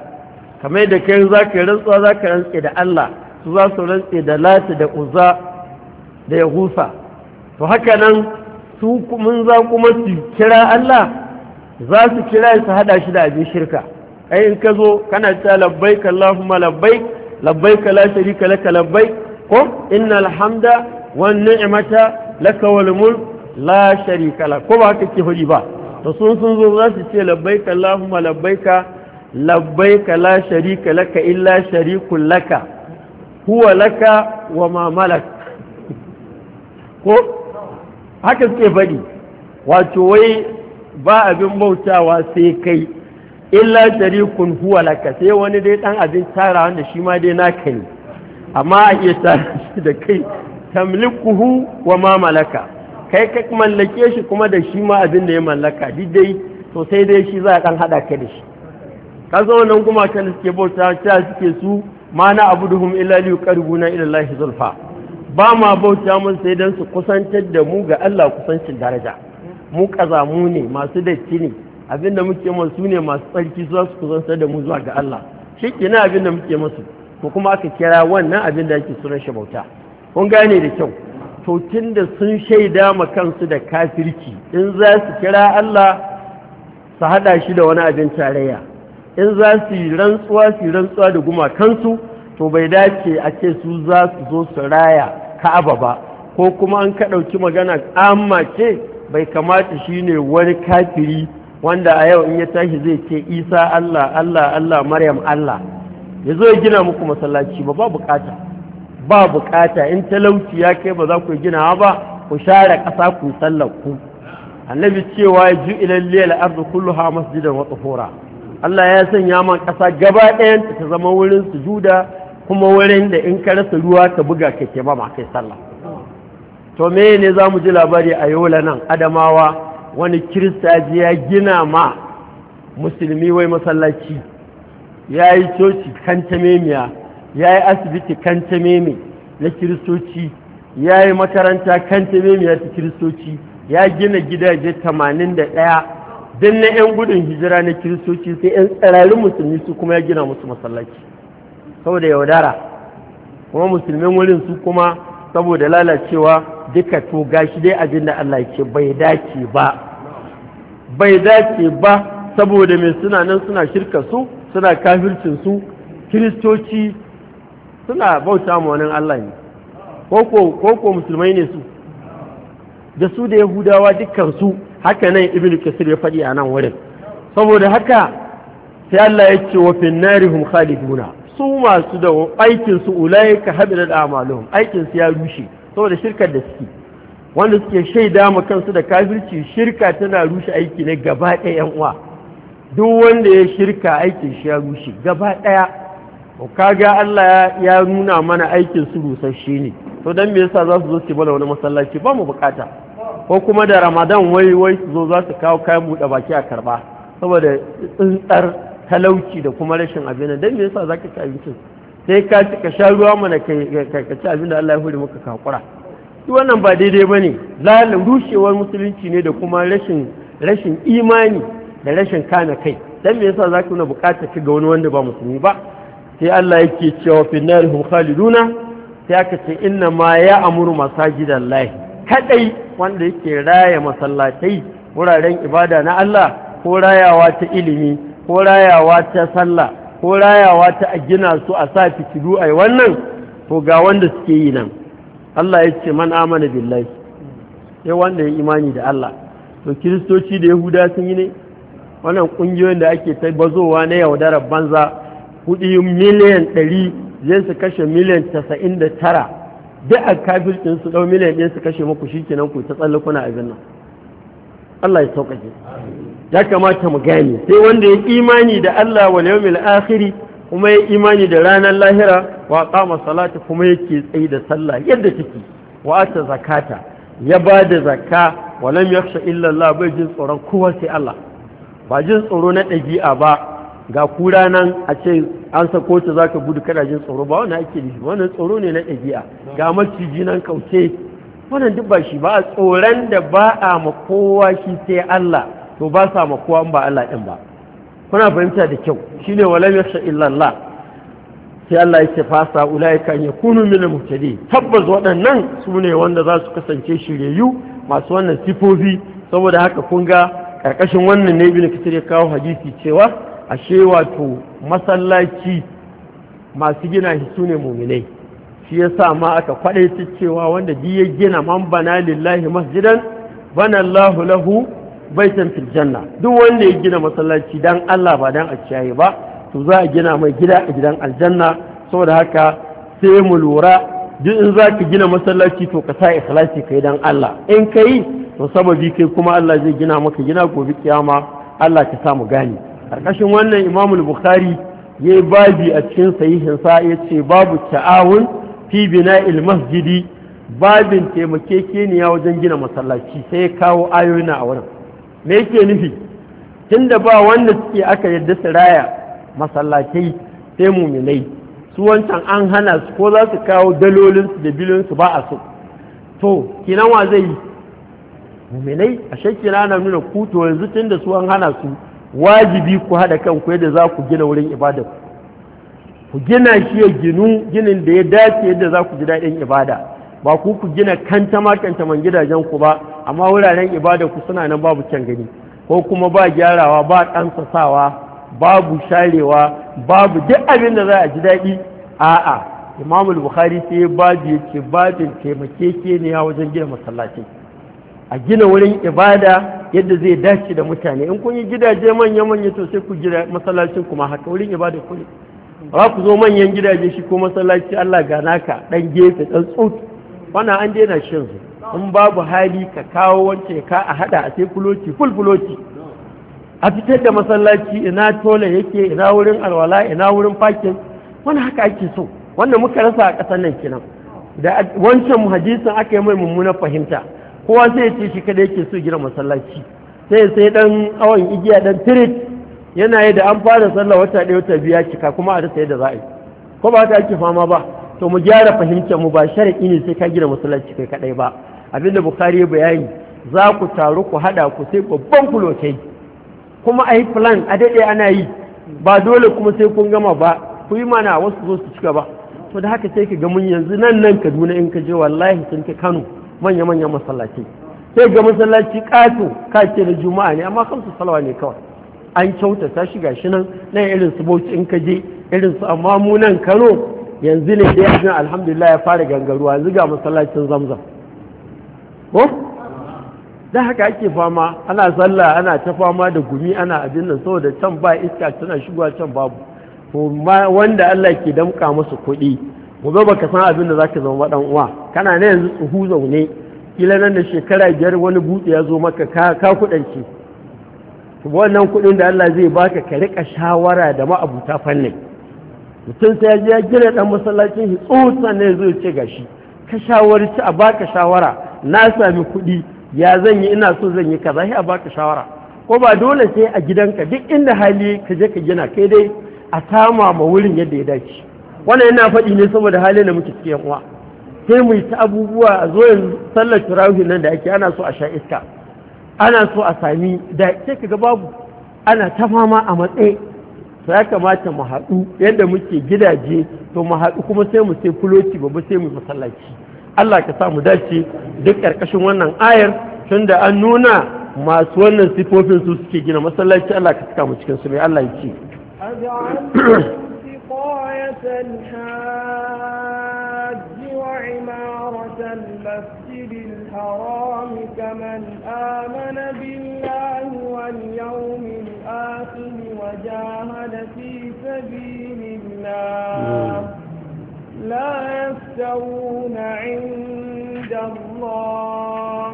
kamar da kai za ka yi rantsuwa za ka rantse da Allah su za su rantse da lata da uza da yahusa to haka nan su mun za kuma su kira Allah za su kira su hada shi da abin shirka ai in ka zo kana ta labbai Allahumma labbaik labbaik la sharika laka labbaik ko innal hamda wan ni'mata laka wal mulk la sharika lak ko ba ke hudi ba to sun sun zo za su ce labbaika Allahumma labbaika labbaika la sharika laka illa sharikun laka huwa laka wa ma malak ko haka suke faɗi wato wai ba abin bautawa sai kai
illa sharikun
huwa laka sai wani dai dan abin tara wanda shi ma dai naka ne amma a iya tara shi da kai tamlikuhu wa ma malaka kai ka mallake shi kuma da shi ma abin da ya mallaka dai to sai dai shi za a kan haɗa ka da shi ka zo nan kuma kan suke bauta ta suke su ma na abu abuduhum illa li yuqarribuna ila Allah zulfa ba ma bauta mun sai dan su kusantar da mu ga Allah kusancin daraja mu kazamu ne masu datti ne abinda muke masu ne masu tsarki su su kusantar da mu zuwa ga Allah shi abin abinda muke masu ko kuma aka kira wannan abin da yake sunan shi bauta kun gane da kyau to da sun shaida ma kansu da kafirci in za su kira Allah su hada shi da wani abin tarayya in za su yi rantsuwa su yi rantsuwa da guma kansu, to bai dace a ce su za su zo su raya ka'aba ba ko kuma an ka ɗauki magana amma ce bai kamata shi ne wani kafiri wanda a yau in ya tashi zai ce isa allah allah allah maryam allah ya zo ya gina muku masallaci ba ba bukata ba bukata in talauci ya kai ba za ku gina ba ku share ƙasa ku sallar ku annabi cewa ju ilal lil ardu kulluha masjidan wa tuhura Allah ya sanya man ƙasa gaba ɗayan ta zama wurin sujuda kuma wurin da in ka rasa ruwa ka buga ka ba ma kai sallah to me ne za mu ji labari a yola nan adamawa wani kirista ya gina ma musulmi wai masallaci ya yi coci kan tamemiya ya yi asibiti kan tameme na kiristoci ya yi makaranta kan tameme ya ta kiristoci ya gina gidaje 81 don na 'yan gudun hijira na kiristoci sai 'yan tsirarin musulmi su kuma ya gina musu masallaci saboda yaudara kuma musulmin wurin su kuma saboda lalacewa duka to gashi dai abin da Allah ke bai dace ba bai dace ba saboda mai suna nan suna shirka su suna kafircin su kiristoci suna bauta wa wani Allah ne koko musulmai ne su da su da yahudawa dukkan haka nan ibn kasir ya faɗi a nan wurin saboda haka sai Allah ya ce wa finnarihum khaliduna su masu da aikinsu su ka habira da amaluhum aikin su ya rushe saboda shirkar da suke wanda suke shaida ma kansu da kafirci shirka tana rushe aiki ne gaba ɗaya yan uwa duk wanda ya shirka aikin shi ya rushe gaba ɗaya kaga Allah ya nuna mana aikin su rusashe ne to dan me yasa za su zo su bala wani masallaci ba mu bukata ko kuma da Ramadan wai wai su zo za su kawo kayan buɗe baki a karba saboda tsintsar talauci da kuma rashin abin dan me yasa zaka ci abincin sai ka ci ka sha ruwa mana kai ka ci abin da Allah ya hore maka kakura shi wannan ba daidai bane lalin rushewar musulunci ne da kuma rashin rashin imani da rashin kana kai dan me yasa zaka nuna bukata ka ga wani wanda ba musulmi ba sai Allah yake cewa fi nari khaliduna sai aka ce inna ma ya amuru masajidan lahi kadai wanda yake raya masallatai wuraren ibada na Allah ko rayawa ta ilimi ko rayawa ta sallah ko rayawa ta a gina su a sa fitilu ai wannan to ga wanda suke yi nan Allah ya ce man amana billahi sai wanda ya imani da Allah to kiristoci da yahuda sun yi ne wannan kungiyoyin da ake ta bazowa na yaudarar banza kuɗi miliyan ɗari zai su kashe miliyan 99 da tara duk ɗin su ɗau miliyan ɗin su kashe muku shi kenan ku ta tsalle kuna abin nan Allah ya sauƙaƙe ya kamata mu gane sai wanda ya imani da Allah yau yawmil akhiri kuma ya imani da ranar lahira wa kama salata kuma yake tsayi da sallah yadda take wa ta zakata ya ba da zakka wa lam yakhsha illa Allah bai jin tsoron kowa sai Allah ba jin tsoro na ɗabi'a ba ga kura nan a ce an sako ta za ka gudu kana jin tsoro ba wani ake nufi wannan tsoro ne na ɗabi'a ga maciji nan kauce wannan duk ba shi ba a tsoron da ba a ma kowa shi sai Allah to ba sa ma kowa ba Allah ɗin ba kuna fahimta da kyau shine lamar sha illallah sai Allah ya ce fasa ula ya an kunu min mutane tabbas waɗannan su ne wanda za su kasance shiryayyu masu wannan sifofi saboda haka kun ga ƙarƙashin wannan ne na kasir ya kawo hadisi cewa ashe wato masallaci masu gina shi su ne muminai shi ya sa ma aka ta cewa wanda ya gina man bana lillahi masjidan bana Allahu lahu baitan fil janna duk wanda ya gina masallaci don Allah ba don a ciyaye ba to za a gina mai gida a gidan aljanna saboda haka sai mu lura duk in za ka gina masallaci to ka sa ikhlasi kai don Allah in ka yi, to sababi kai kuma Allah zai gina maka gina gobe kiyama Allah ka sa mu gane ƙarƙashin wannan imamul bukhari ya yi babi a cikin sahihinsa ya ce babu ta'awun fi bina masjidi babin taimakekeniya wajen gina masallaci sai ya kawo ayoyina a wurin me yake nufi Tun da ba wanda suke aka yadda su raya masallatai sai muminai su wancan an hana su ko za su kawo dalolinsu da bilinsu ba a so to kinan zai yi muminai a shakki na nuna kuto yanzu da su an hana su wajibi ku haɗa kanku yadda za ku gina wurin ibada ku gina shi ya ginu ginin da ya dace yadda za ku ji daɗin ibada ba ku ku gina kantama kantaman gidajen ku ba amma wuraren ibada ku suna nan babu can gani ko kuma ba gyarawa ba kansasawa babu sharewa babu duk abin da za a ji daɗi a'a imamul bukhari sai babu yace babin taimakekeniya wajen gina masallaci a gina wurin ibada yadda zai dace da mutane in kun yi gidaje manya-manya to sai ku gina masallacin kuma haka wurin ibada ku ne ba ku zo manyan gidaje shi ko masallaci Allah ga naka dan gefe dan tsut wannan an daina shin su in babu hali ka kawo wance ka a hada a sai kuloti fulfuloti a fitar da masallaci ina tole yake ina wurin alwala ina wurin fakin wannan haka ake so wannan muka rasa a ƙasar nan kenan da wancan hadisin aka yi mai mummunar fahimta kowa sai ya ce shi kada yake so gina masallaci sai sai dan awon igiya dan tirit yana yi da an fara sallah wata ɗaya wata biya cika kuma a rasa yadda za a yi ko ba ta ake fama ba to mu gyara fahimtar mu ba shari'i ne sai ka gina masallaci kai kadai ba Abin da bukari ya bayani za ku taru ku hada ku sai babban kulokai. kuma a yi plan a daɗe ana yi ba dole kuma sai kun gama ba ku yi mana wasu zo su cika ba to da haka sai ka ga mun yanzu nan nan kaduna in ka je wallahi sun ka kano manya-manyan masallaci sai ga masallaci ƙato kake da juma'a ne amma kamsu salawa ne kawai an kyautata shi nan na irin su bauchi in ka je irin su amma mu nan kano yanzu ne dai-dai yanzu alhamdulillah ya fara gangaruwa yanzu ga masallacin zamzam ko da haka ake fama ana sallah ana ta fama da gumi ana abin nan saboda can ba iska tana shigowa can babu wanda Allah ke damka masa kuɗi gobe ba ka san abin da za ka zama ɗan uwa kana na yanzu tsuhu zaune kila nan da shekara biyar wani buɗe ya zo maka ka kuɗance wannan kuɗin da Allah zai baka ka riƙa shawara da ma'abuta fannin mutum sai ya gina ɗan masallacin shi tsotsan ne zai ce shi ka shawarci a baka shawara na sami kuɗi ya zan yi ina so zan yi kaza a baka shawara ko ba dole sai a gidanka duk inda hali ka je ka gina kai dai a sama ma wurin yadda ya dace wannan yana faɗi ne saboda halin da muke cikin uwa sai mu yi ta abubuwa a zo yanzu sallar tarawih nan da ake ana so a sha iska ana so a sami da ka ga babu ana ta fama a matsayi to ya kamata mu haɗu yadda muke gidaje to mu haɗu kuma sai mu sai fuloci babu sai mu masallaci Allah ka sa mu dace duk ƙarƙashin wannan ayar tun da an nuna masu wannan sifofin su suke gina masallaci Allah ka saka mu cikin su mai Allah ya
ce الحاج وعمارة المسجد الحرام كمن آمن بالله واليوم الآخر وجاهد في سبيل الله لا يستوون عند الله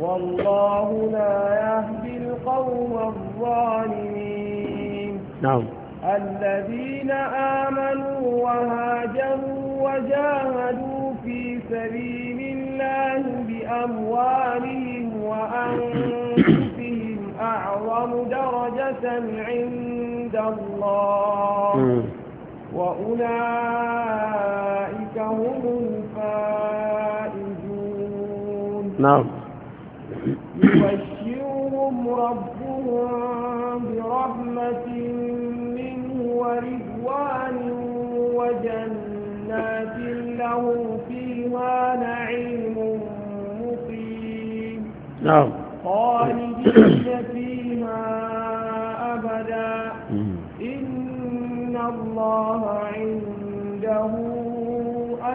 والله لا يهدي القوم الظالمين نعم الذين آمنوا وهاجروا وجاهدوا في سبيل الله بأموالهم وأنفسهم أعظم درجة عند الله وأولئك هم الفائزون
نعم يبشرهم ربهم
برحمة ورضوان وجنات له فيها نعيم مقيم نعم خالدين فيها أبدا إن الله عنده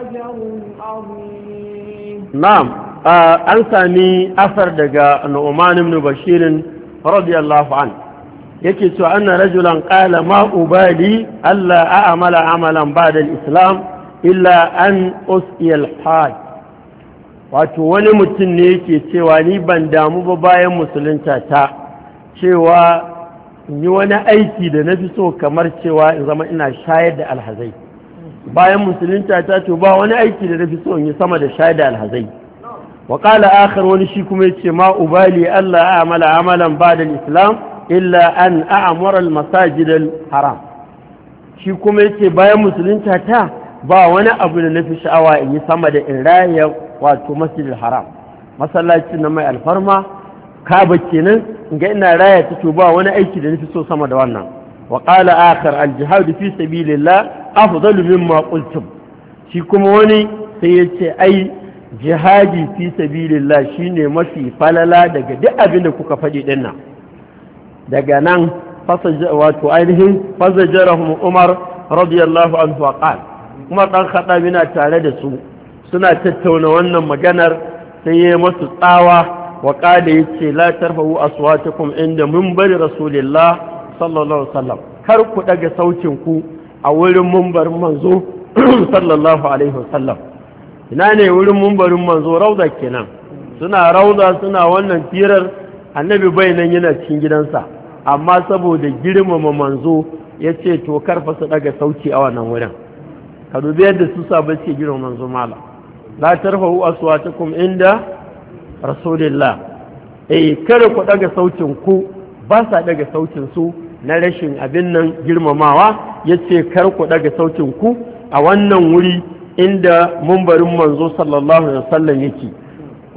أجر عظيم نعم
an أفردك أن أمان بن بشير رضي الله عنه yake cewa anna rajulan qala ma ubali alla a'mala amalan ba'da al-islam illa an usqiya al-haj wato wani mutum ne yake cewa ni ban damu ba bayan musulunta ta cewa in yi wani aiki da na fi so kamar cewa in zama ina shayar da alhazai bayan musulunta ta to ba wani aiki da na fi so in yi sama da shayar da alhazai wa qala akhar wani shi kuma yace ma ubali alla a'mala amalan ba da islam illa an a'amara al haram shi kuma yace bayan musulunta ta ba wani abu da nafi sha'awa in yi sama da in raya wato masjidil haram masallaci na mai alfarma kaba kenan in ga ina raya ta to ba wani aiki da nafi so sama da wannan wa qala akhar al jihad fi sabilillah afdalu mimma qultum shi kuma wani sai yace ai jihadi fi sabilillah shine mafi falala daga duk abin da kuka faɗi dinnan daga nan wato ainihin fasajarahum umar radiyallahu anhu wa umar dan khattab mina tare da su suna tattauna wannan maganar sai yi musu tsawa wa qala yace la tarfa'u aswatakum inda minbari rasulillah sallallahu alaihi wasallam kar ku daga sautin ku a wurin mumbarin manzo sallallahu alaihi wasallam ina ne wurin mumbarin manzo rauda kenan suna rauda suna wannan firar annabi bai nan yana cikin gidansa amma saboda girmama manzo ya ce to karfa su daga sauki a wannan wurin ka dubi yadda su sabu suke girmama manzo mala la tarfa'u aswatakum inda rasulillah eh kada ku daga sautin ku ba sa daga sautin su na rashin abin nan girmamawa ya ce kar ku daga sautin ku a wannan wuri inda mumbarin manzo sallallahu alaihi wasallam yake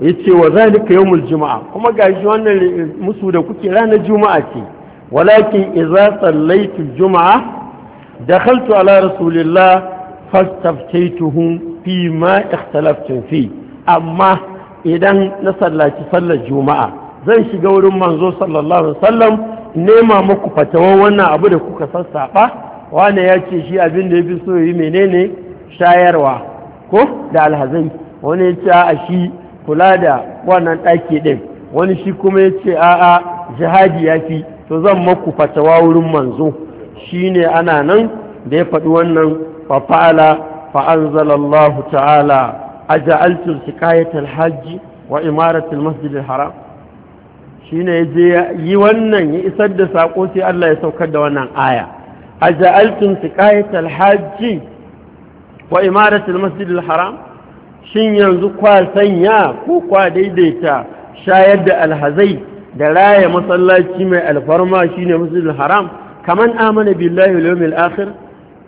yace wa zalika yawmul juma'a kuma gashi wannan musu da kuke ranar juma'a ce walakin idza sallaitu juma'a dakhaltu ala rasulillah fastaftaituhum fi ma ikhtalaftum fi amma idan na sallaci sallar juma'a zan shiga wurin manzo sallallahu alaihi wasallam nema muku fatawan wannan abu da kuka sassaba wane ya ce shi abin da ya fi so yi menene shayarwa ko da alhazai wani ya ce a shi kula da wannan ɗaki ɗin wani shi kuma ya ce a'a jihadi ya fi to zan maku fatawa wurin manzo shi ne ana nan da ya faɗi wannan fafa'ala fa'anzalallahu ta'ala a ja'altun shikayatar hajji wa imaratul masjidil haram shi ne ya je yi wannan ya isar da saƙo sai Allah ya saukar da wannan aya a ja'altun shikayatar hajji wa imaratul masjidil haram shin yanzu kwa sanya ko kwa daidaita shayar da alhazai da raya masallaci mai alfarma shine musul haram kaman amana billahi wal yawmil akhir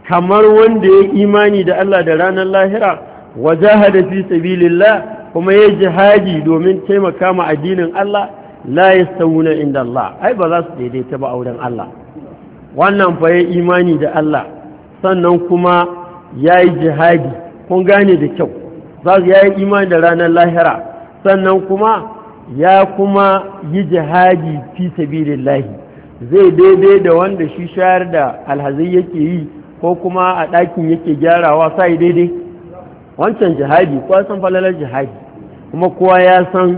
kamar wanda ya imani da Allah da ranar lahira wajahada fi sabilillah kuma ya jihadi domin taimaka ma addinin Allah la yastawuna inda Allah ai ba za su daidaita ba auren Allah wannan fa ya imani da Allah sannan kuma ya yi jihadi kun gane da kyau za su yayi imani da ranar lahira sannan kuma ya kuma yi jihadi fi lahi zai daidai da wanda shi shayar da alhazai yake yi ko kuma a ɗakin yake gyarawa yi daidai wancan jihadi kowa san falalar jihadi kuma kowa ya san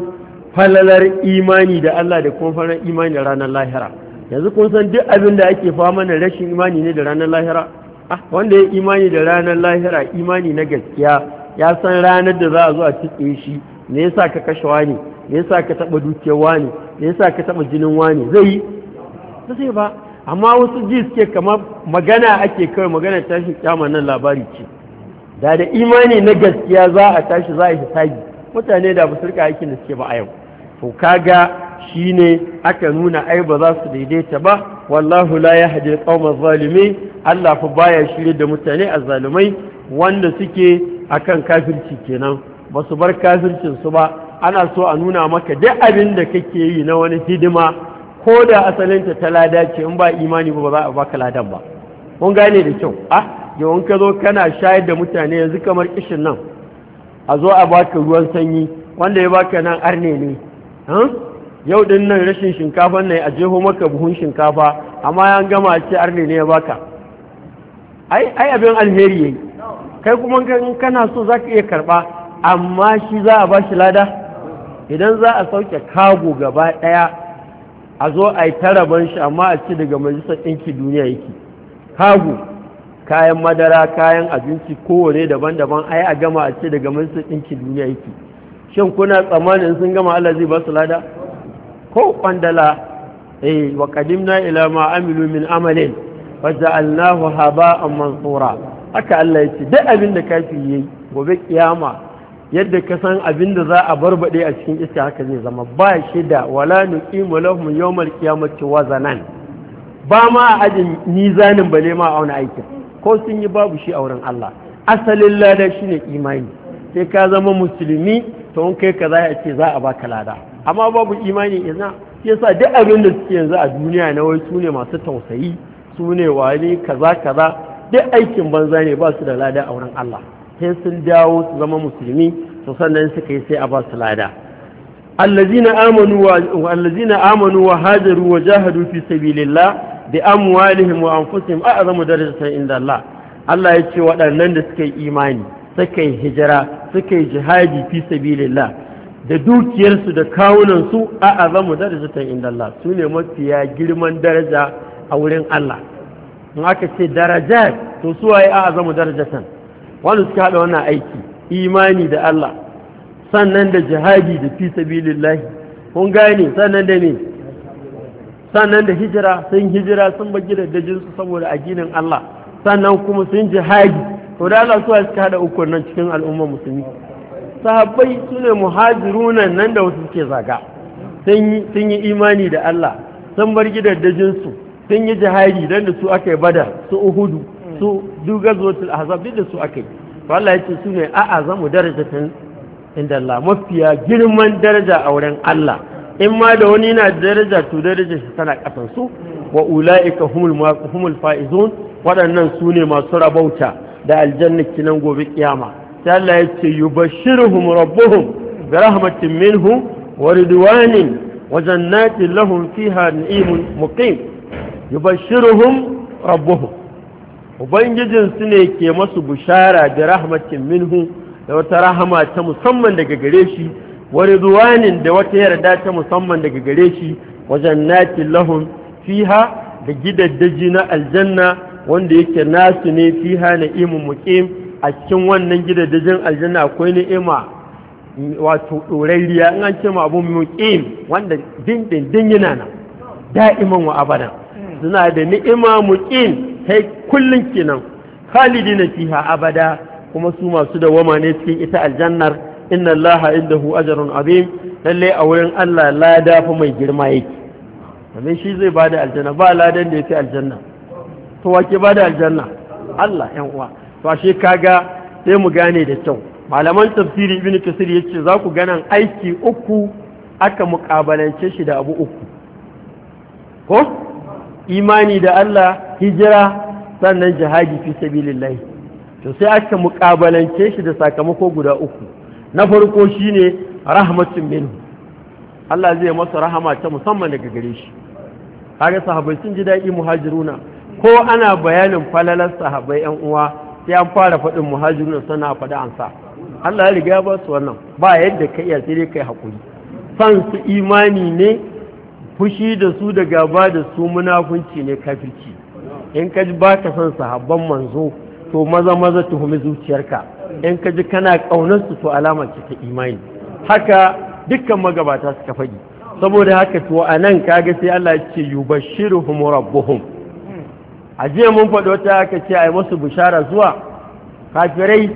falalar imani da Allah da kuma falalar imani da ranar lahira yanzu kun san duk abin da ake fama na rashin imani ne da ranar lahira ah wanda ya imani da ranar lahira imani na gaskiya ya san ranar da za a zo a kitse shi me yasa ka kashe wani me yasa ka taba dukiyar wani me yasa ka taba jinin wani zai yi ba sai ba amma wasu ji suke kamar magana ake kawai magana tashi kyama nan labari ce da da imani na gaskiya za a tashi za a yi hisabi mutane da basu rika aikin da suke ba a yau to kaga shine aka nuna ai ba za su daidaita ba wallahu la yahdi al-qawma zalimin Allah fa baya shirye da mutane azzalumai wanda suke akan kafirci kenan ba su bar kafircin su ba ana so a nuna maka duk abin da kake yi na wani hidima ko da asalinta ta lada ce in ba imani ba za a baka ladan ba kun gane da kyau ah yawan ka zo kana shayar da mutane yanzu kamar kishin nan a zo a baka ruwan sanyi wanda ya baka nan arne ne ah yau din nan rashin shinkafa ne a jeho maka buhun shinkafa amma ya gama ce arne ne ya baka ai abin alheri yayi kai kuma in kana so za ka iya karɓa amma shi za a ba shi lada idan za a sauke kago gaba ɗaya a zo a yi taraban shi amma a ci daga majalisar ɗinki duniya yake kago kayan madara kayan abinci kowane daban-daban ai a gama a ci daga majalisar ɗinki duniya yake shin kuna tsammanin sun gama Allah zai ba su lada ko kwandala eh wa qadimna ila ma amilu min amalin haba haba'an mansura haka Allah ya ce duk abin da kafi yi gobe kiyama yadda ka san abin da za a barbade a cikin iska haka zai zama ba shi da wala nuqimu lahum yawmal qiyamati wazanan ba ma a ajin mizanin bale ma auna aikin ko sun yi babu shi a wurin Allah asalin lada shine imani sai ka zama musulmi to in kai kaza ya ce za a baka lada amma babu imani ina yasa duk abin da suke yanzu a duniya na wai sune masu tausayi sune ne wani kaza kaza duk aikin banza ne ba su da lada a wurin Allah sai sun dawo su zama musulmi to sannan suka yi sai a ba su lada allazina amanu wa hajaru wa jahadu fi sabilillah bi amwalihim wa anfusihim a'zamu darajatan inda Allah Allah ya ce waɗannan da suka yi imani suka yi hijira suka yi jihadi fi sabilillah da dukiyarsu da kawunansu a'zamu darajatan inda Allah su ne mafiya girman daraja a wurin Allah in aka ce darajat to suwaye a azamu darajatan Wani suka haɗa wannan aiki imani da Allah sannan da jihadi da fi sabilillahi kun gane sannan da ne sannan da hijira sun hijira sun bagi da su saboda addinin Allah sannan kuma sun jihadi to da Allah su suka haɗa uku nan cikin al'ummar musulmi sahabbai su ne nan da wasu suke zaga sun yi imani da Allah sun bar su sun yi jihari don da su aka yi bada su uhudu su dugar zuwatul duk da su aka yi Allah ya ce su ne a azamu darajatan inda Allah mafiya girman daraja a wurin Allah in ma da wani na daraja to daraja shi tana kasan wa ulaika humul humul faizun waɗannan su ne masu rabauta da aljanna kinan gobe kiyama sai Allah ya ce yubashshiruhum rabbuhum bi rahmatin minhu wa ridwanin wa jannatin lahum fiha ni'imun muqim yubashiruhum rabbuhum ubangijin su ne ke masu bushara da rahmatin minhu da wata rahama ta musamman daga gare shi wa ridwanin da wata yarda ta musamman daga gare shi wa jannatin lahum fiha da gidaddaji na aljanna wanda yake nasu ne fiha na imin mukim a cikin wannan gidaddajin aljanna akwai ni'ima wato ɗorariya in an ce ma abun mukim wanda dindindin yana nan da'iman wa abadan suna da ni'ima muqin sai kullun kenan khalidina fiha abada kuma su masu dawama ne cikin ita aljannar inna allaha indahu ajrun azim lalle a wurin Allah lada fa mai girma yake amma shi zai bada aljanna ba ladan da yake aljanna to wa ke bada aljanna Allah yan uwa to ashe kaga sai mu gane da kyau malaman tafsiri ibn kasir yace za ku ganan aiki uku aka mukabalance shi da abu uku ko imani da Allah hijira sannan jihadi fi sabilillahi to sai aka mukabalance shi da sakamako guda uku na farko shine rahmatun minhu Allah zai masa rahama ta musamman daga gare shi kaga sahabbai sun ji dadi muhajiruna ko ana bayanin falalar sahabbai yan uwa sai an fara faɗin muhajiruna sana an sa Allah ya riga ba su wannan ba yadda ka iya sai dai kai hakuri san su imani ne fushi da su da gaba da su munafunci ne kafirci in ka ji ba ka son sahabban manzo to maza maza tuhumi zuciyarka in ka ji kana ƙaunar su to alamar ta imani haka dukkan magabata suka faɗi saboda haka to a nan kaga sai Allah ya ce yubashshiruhum rabbuhum a jiya mun faɗi wata aka ce ai musu bishara zuwa kafirai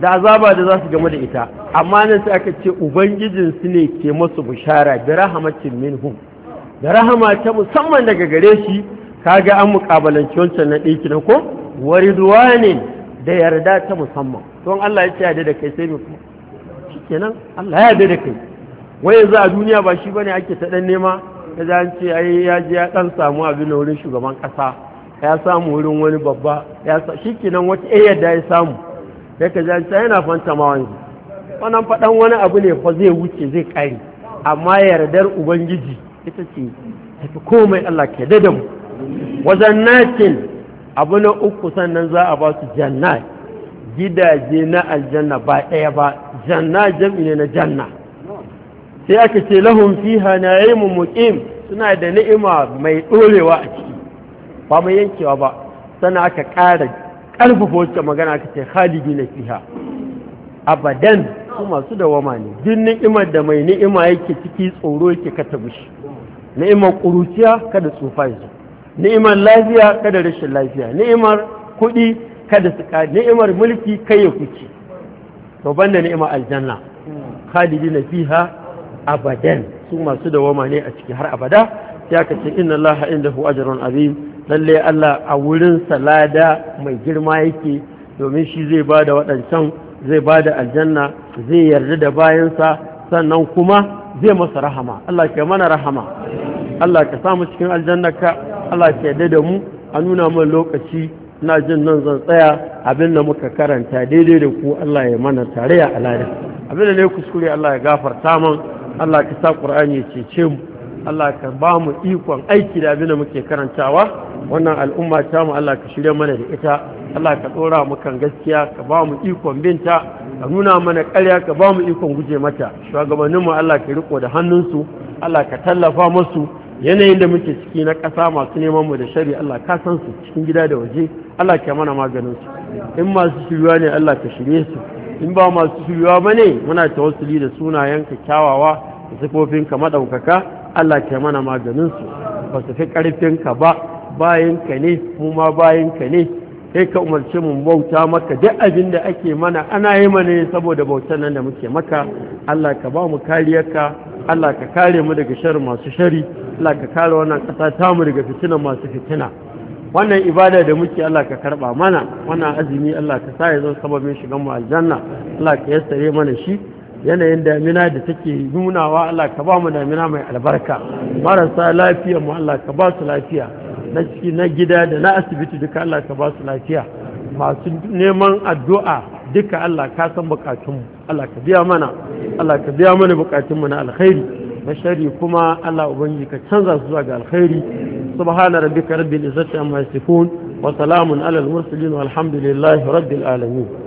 da azaba da za su game da ita amma nan sai aka ce ubangijin su ne ke musu bishara bi rahmatin minhum da rahama ta musamman daga gare shi kaga an mukabalanci wancan na ɗiki na ko wa ne da yarda ta musamman don Allah ya ce yade da kai sai mu kuma shikenan Allah ya yade da kai wai yanzu a duniya ba shi bane ake ta dan nema ya ji an ce ya je ya dan samu abin da wurin shugaban kasa ya samu wurin wani babba ya sa shikenan wata yadda ya samu sai ka ji an ce yana fanta ma wani wannan faɗan wani abu ne fa zai wuce zai kare amma yardar ubangiji ita ce tafi komai Allah ke dada mu wazannatin abu na uku sannan za a ba su janna gidaje na aljanna ba ɗaya ba janna jam'i ne na janna sai aka ce lahun fiha yi muqim suna da ni'ima mai ɗorewa a ciki ba mai yankewa ba sana aka ƙara ƙarfafa wacce magana aka ce halibi na fiha abadan su masu dawama ne duk ni'imar da mai ni'ima yake ciki tsoro yake katabushi ni'imar ƙuruciya kada tsufa ya ni'imar lafiya kada rashin lafiya ni'imar kuɗi kada su ka ni'imar mulki kai ya kuci to banda ni'imar aljanna khalidi na fiha abadan su masu dawama ne a ciki har abada ya aka ce inna inda hu ajrun azim lalle Allah a wurin salada mai girma yake domin shi zai bada waɗancan zai bada aljanna zai yarda da bayansa sannan kuma zai masa rahama Allah ke mana rahama Allah ka samu cikin aljannaka Allah ka yarda da mu a nuna mana lokaci na jin nan zan tsaya abin da muka karanta daidai da ku Allah ya mana tarayya a abin da ne kuskure Allah ya gafarta mun Allah ka sa Qur'ani ya cece mu Allah ka ba mu ikon aiki da abin da muke karantawa wannan al'umma ta mu Allah ka shirya mana da ita Allah ka dora mu kan gaskiya ka ba mu ikon binta ka nuna mana ƙarya ka ba mu ikon guje mata shugabanninmu Allah ka riko da hannunsu Allah ka tallafa musu yanayin da muke ciki na ƙasa masu neman mu da shari Allah ka san su cikin gida da waje Allah ke mana maganin su in masu shiryuwa ne Allah ka shirye su in ba masu shiryuwa ba ne muna wasu da sunayenka kyawawa da ka maɗaukaka Allah ke mana maganin su ba su fi ka ba ka ne mu ma ka ne kai ka umarci mu bauta maka duk abin da ake mana ana yi mana saboda bautan nan da muke maka Allah ka ba mu kariyarka Allah ka kare mu daga shar masu shari Allah ka kare wannan ƙasa tamu daga fitina masu fitina wannan ibada da muke Allah ka karɓa mana wannan azumi Allah ka sa ya zo sababin shigan mu aljanna Allah ka yassare mana shi yanayin damina da take nunawa Allah ka ba mu damina mai albarka marasa lafiya mu Allah ka ba su lafiya na ciki na gida da na asibiti duka Allah ka ba su lafiya masu neman addu'a duka Allah ka san bukatunmu Allah ka biya mana Allah ka biya mana bukatunmu na alkhairi bashari kuma Allah ubangi ka canza su zuwa ga alkhairi subhana rabbika rabbil izzati amma yasifun wa salamun alal mursalin walhamdulillahi rabbil alamin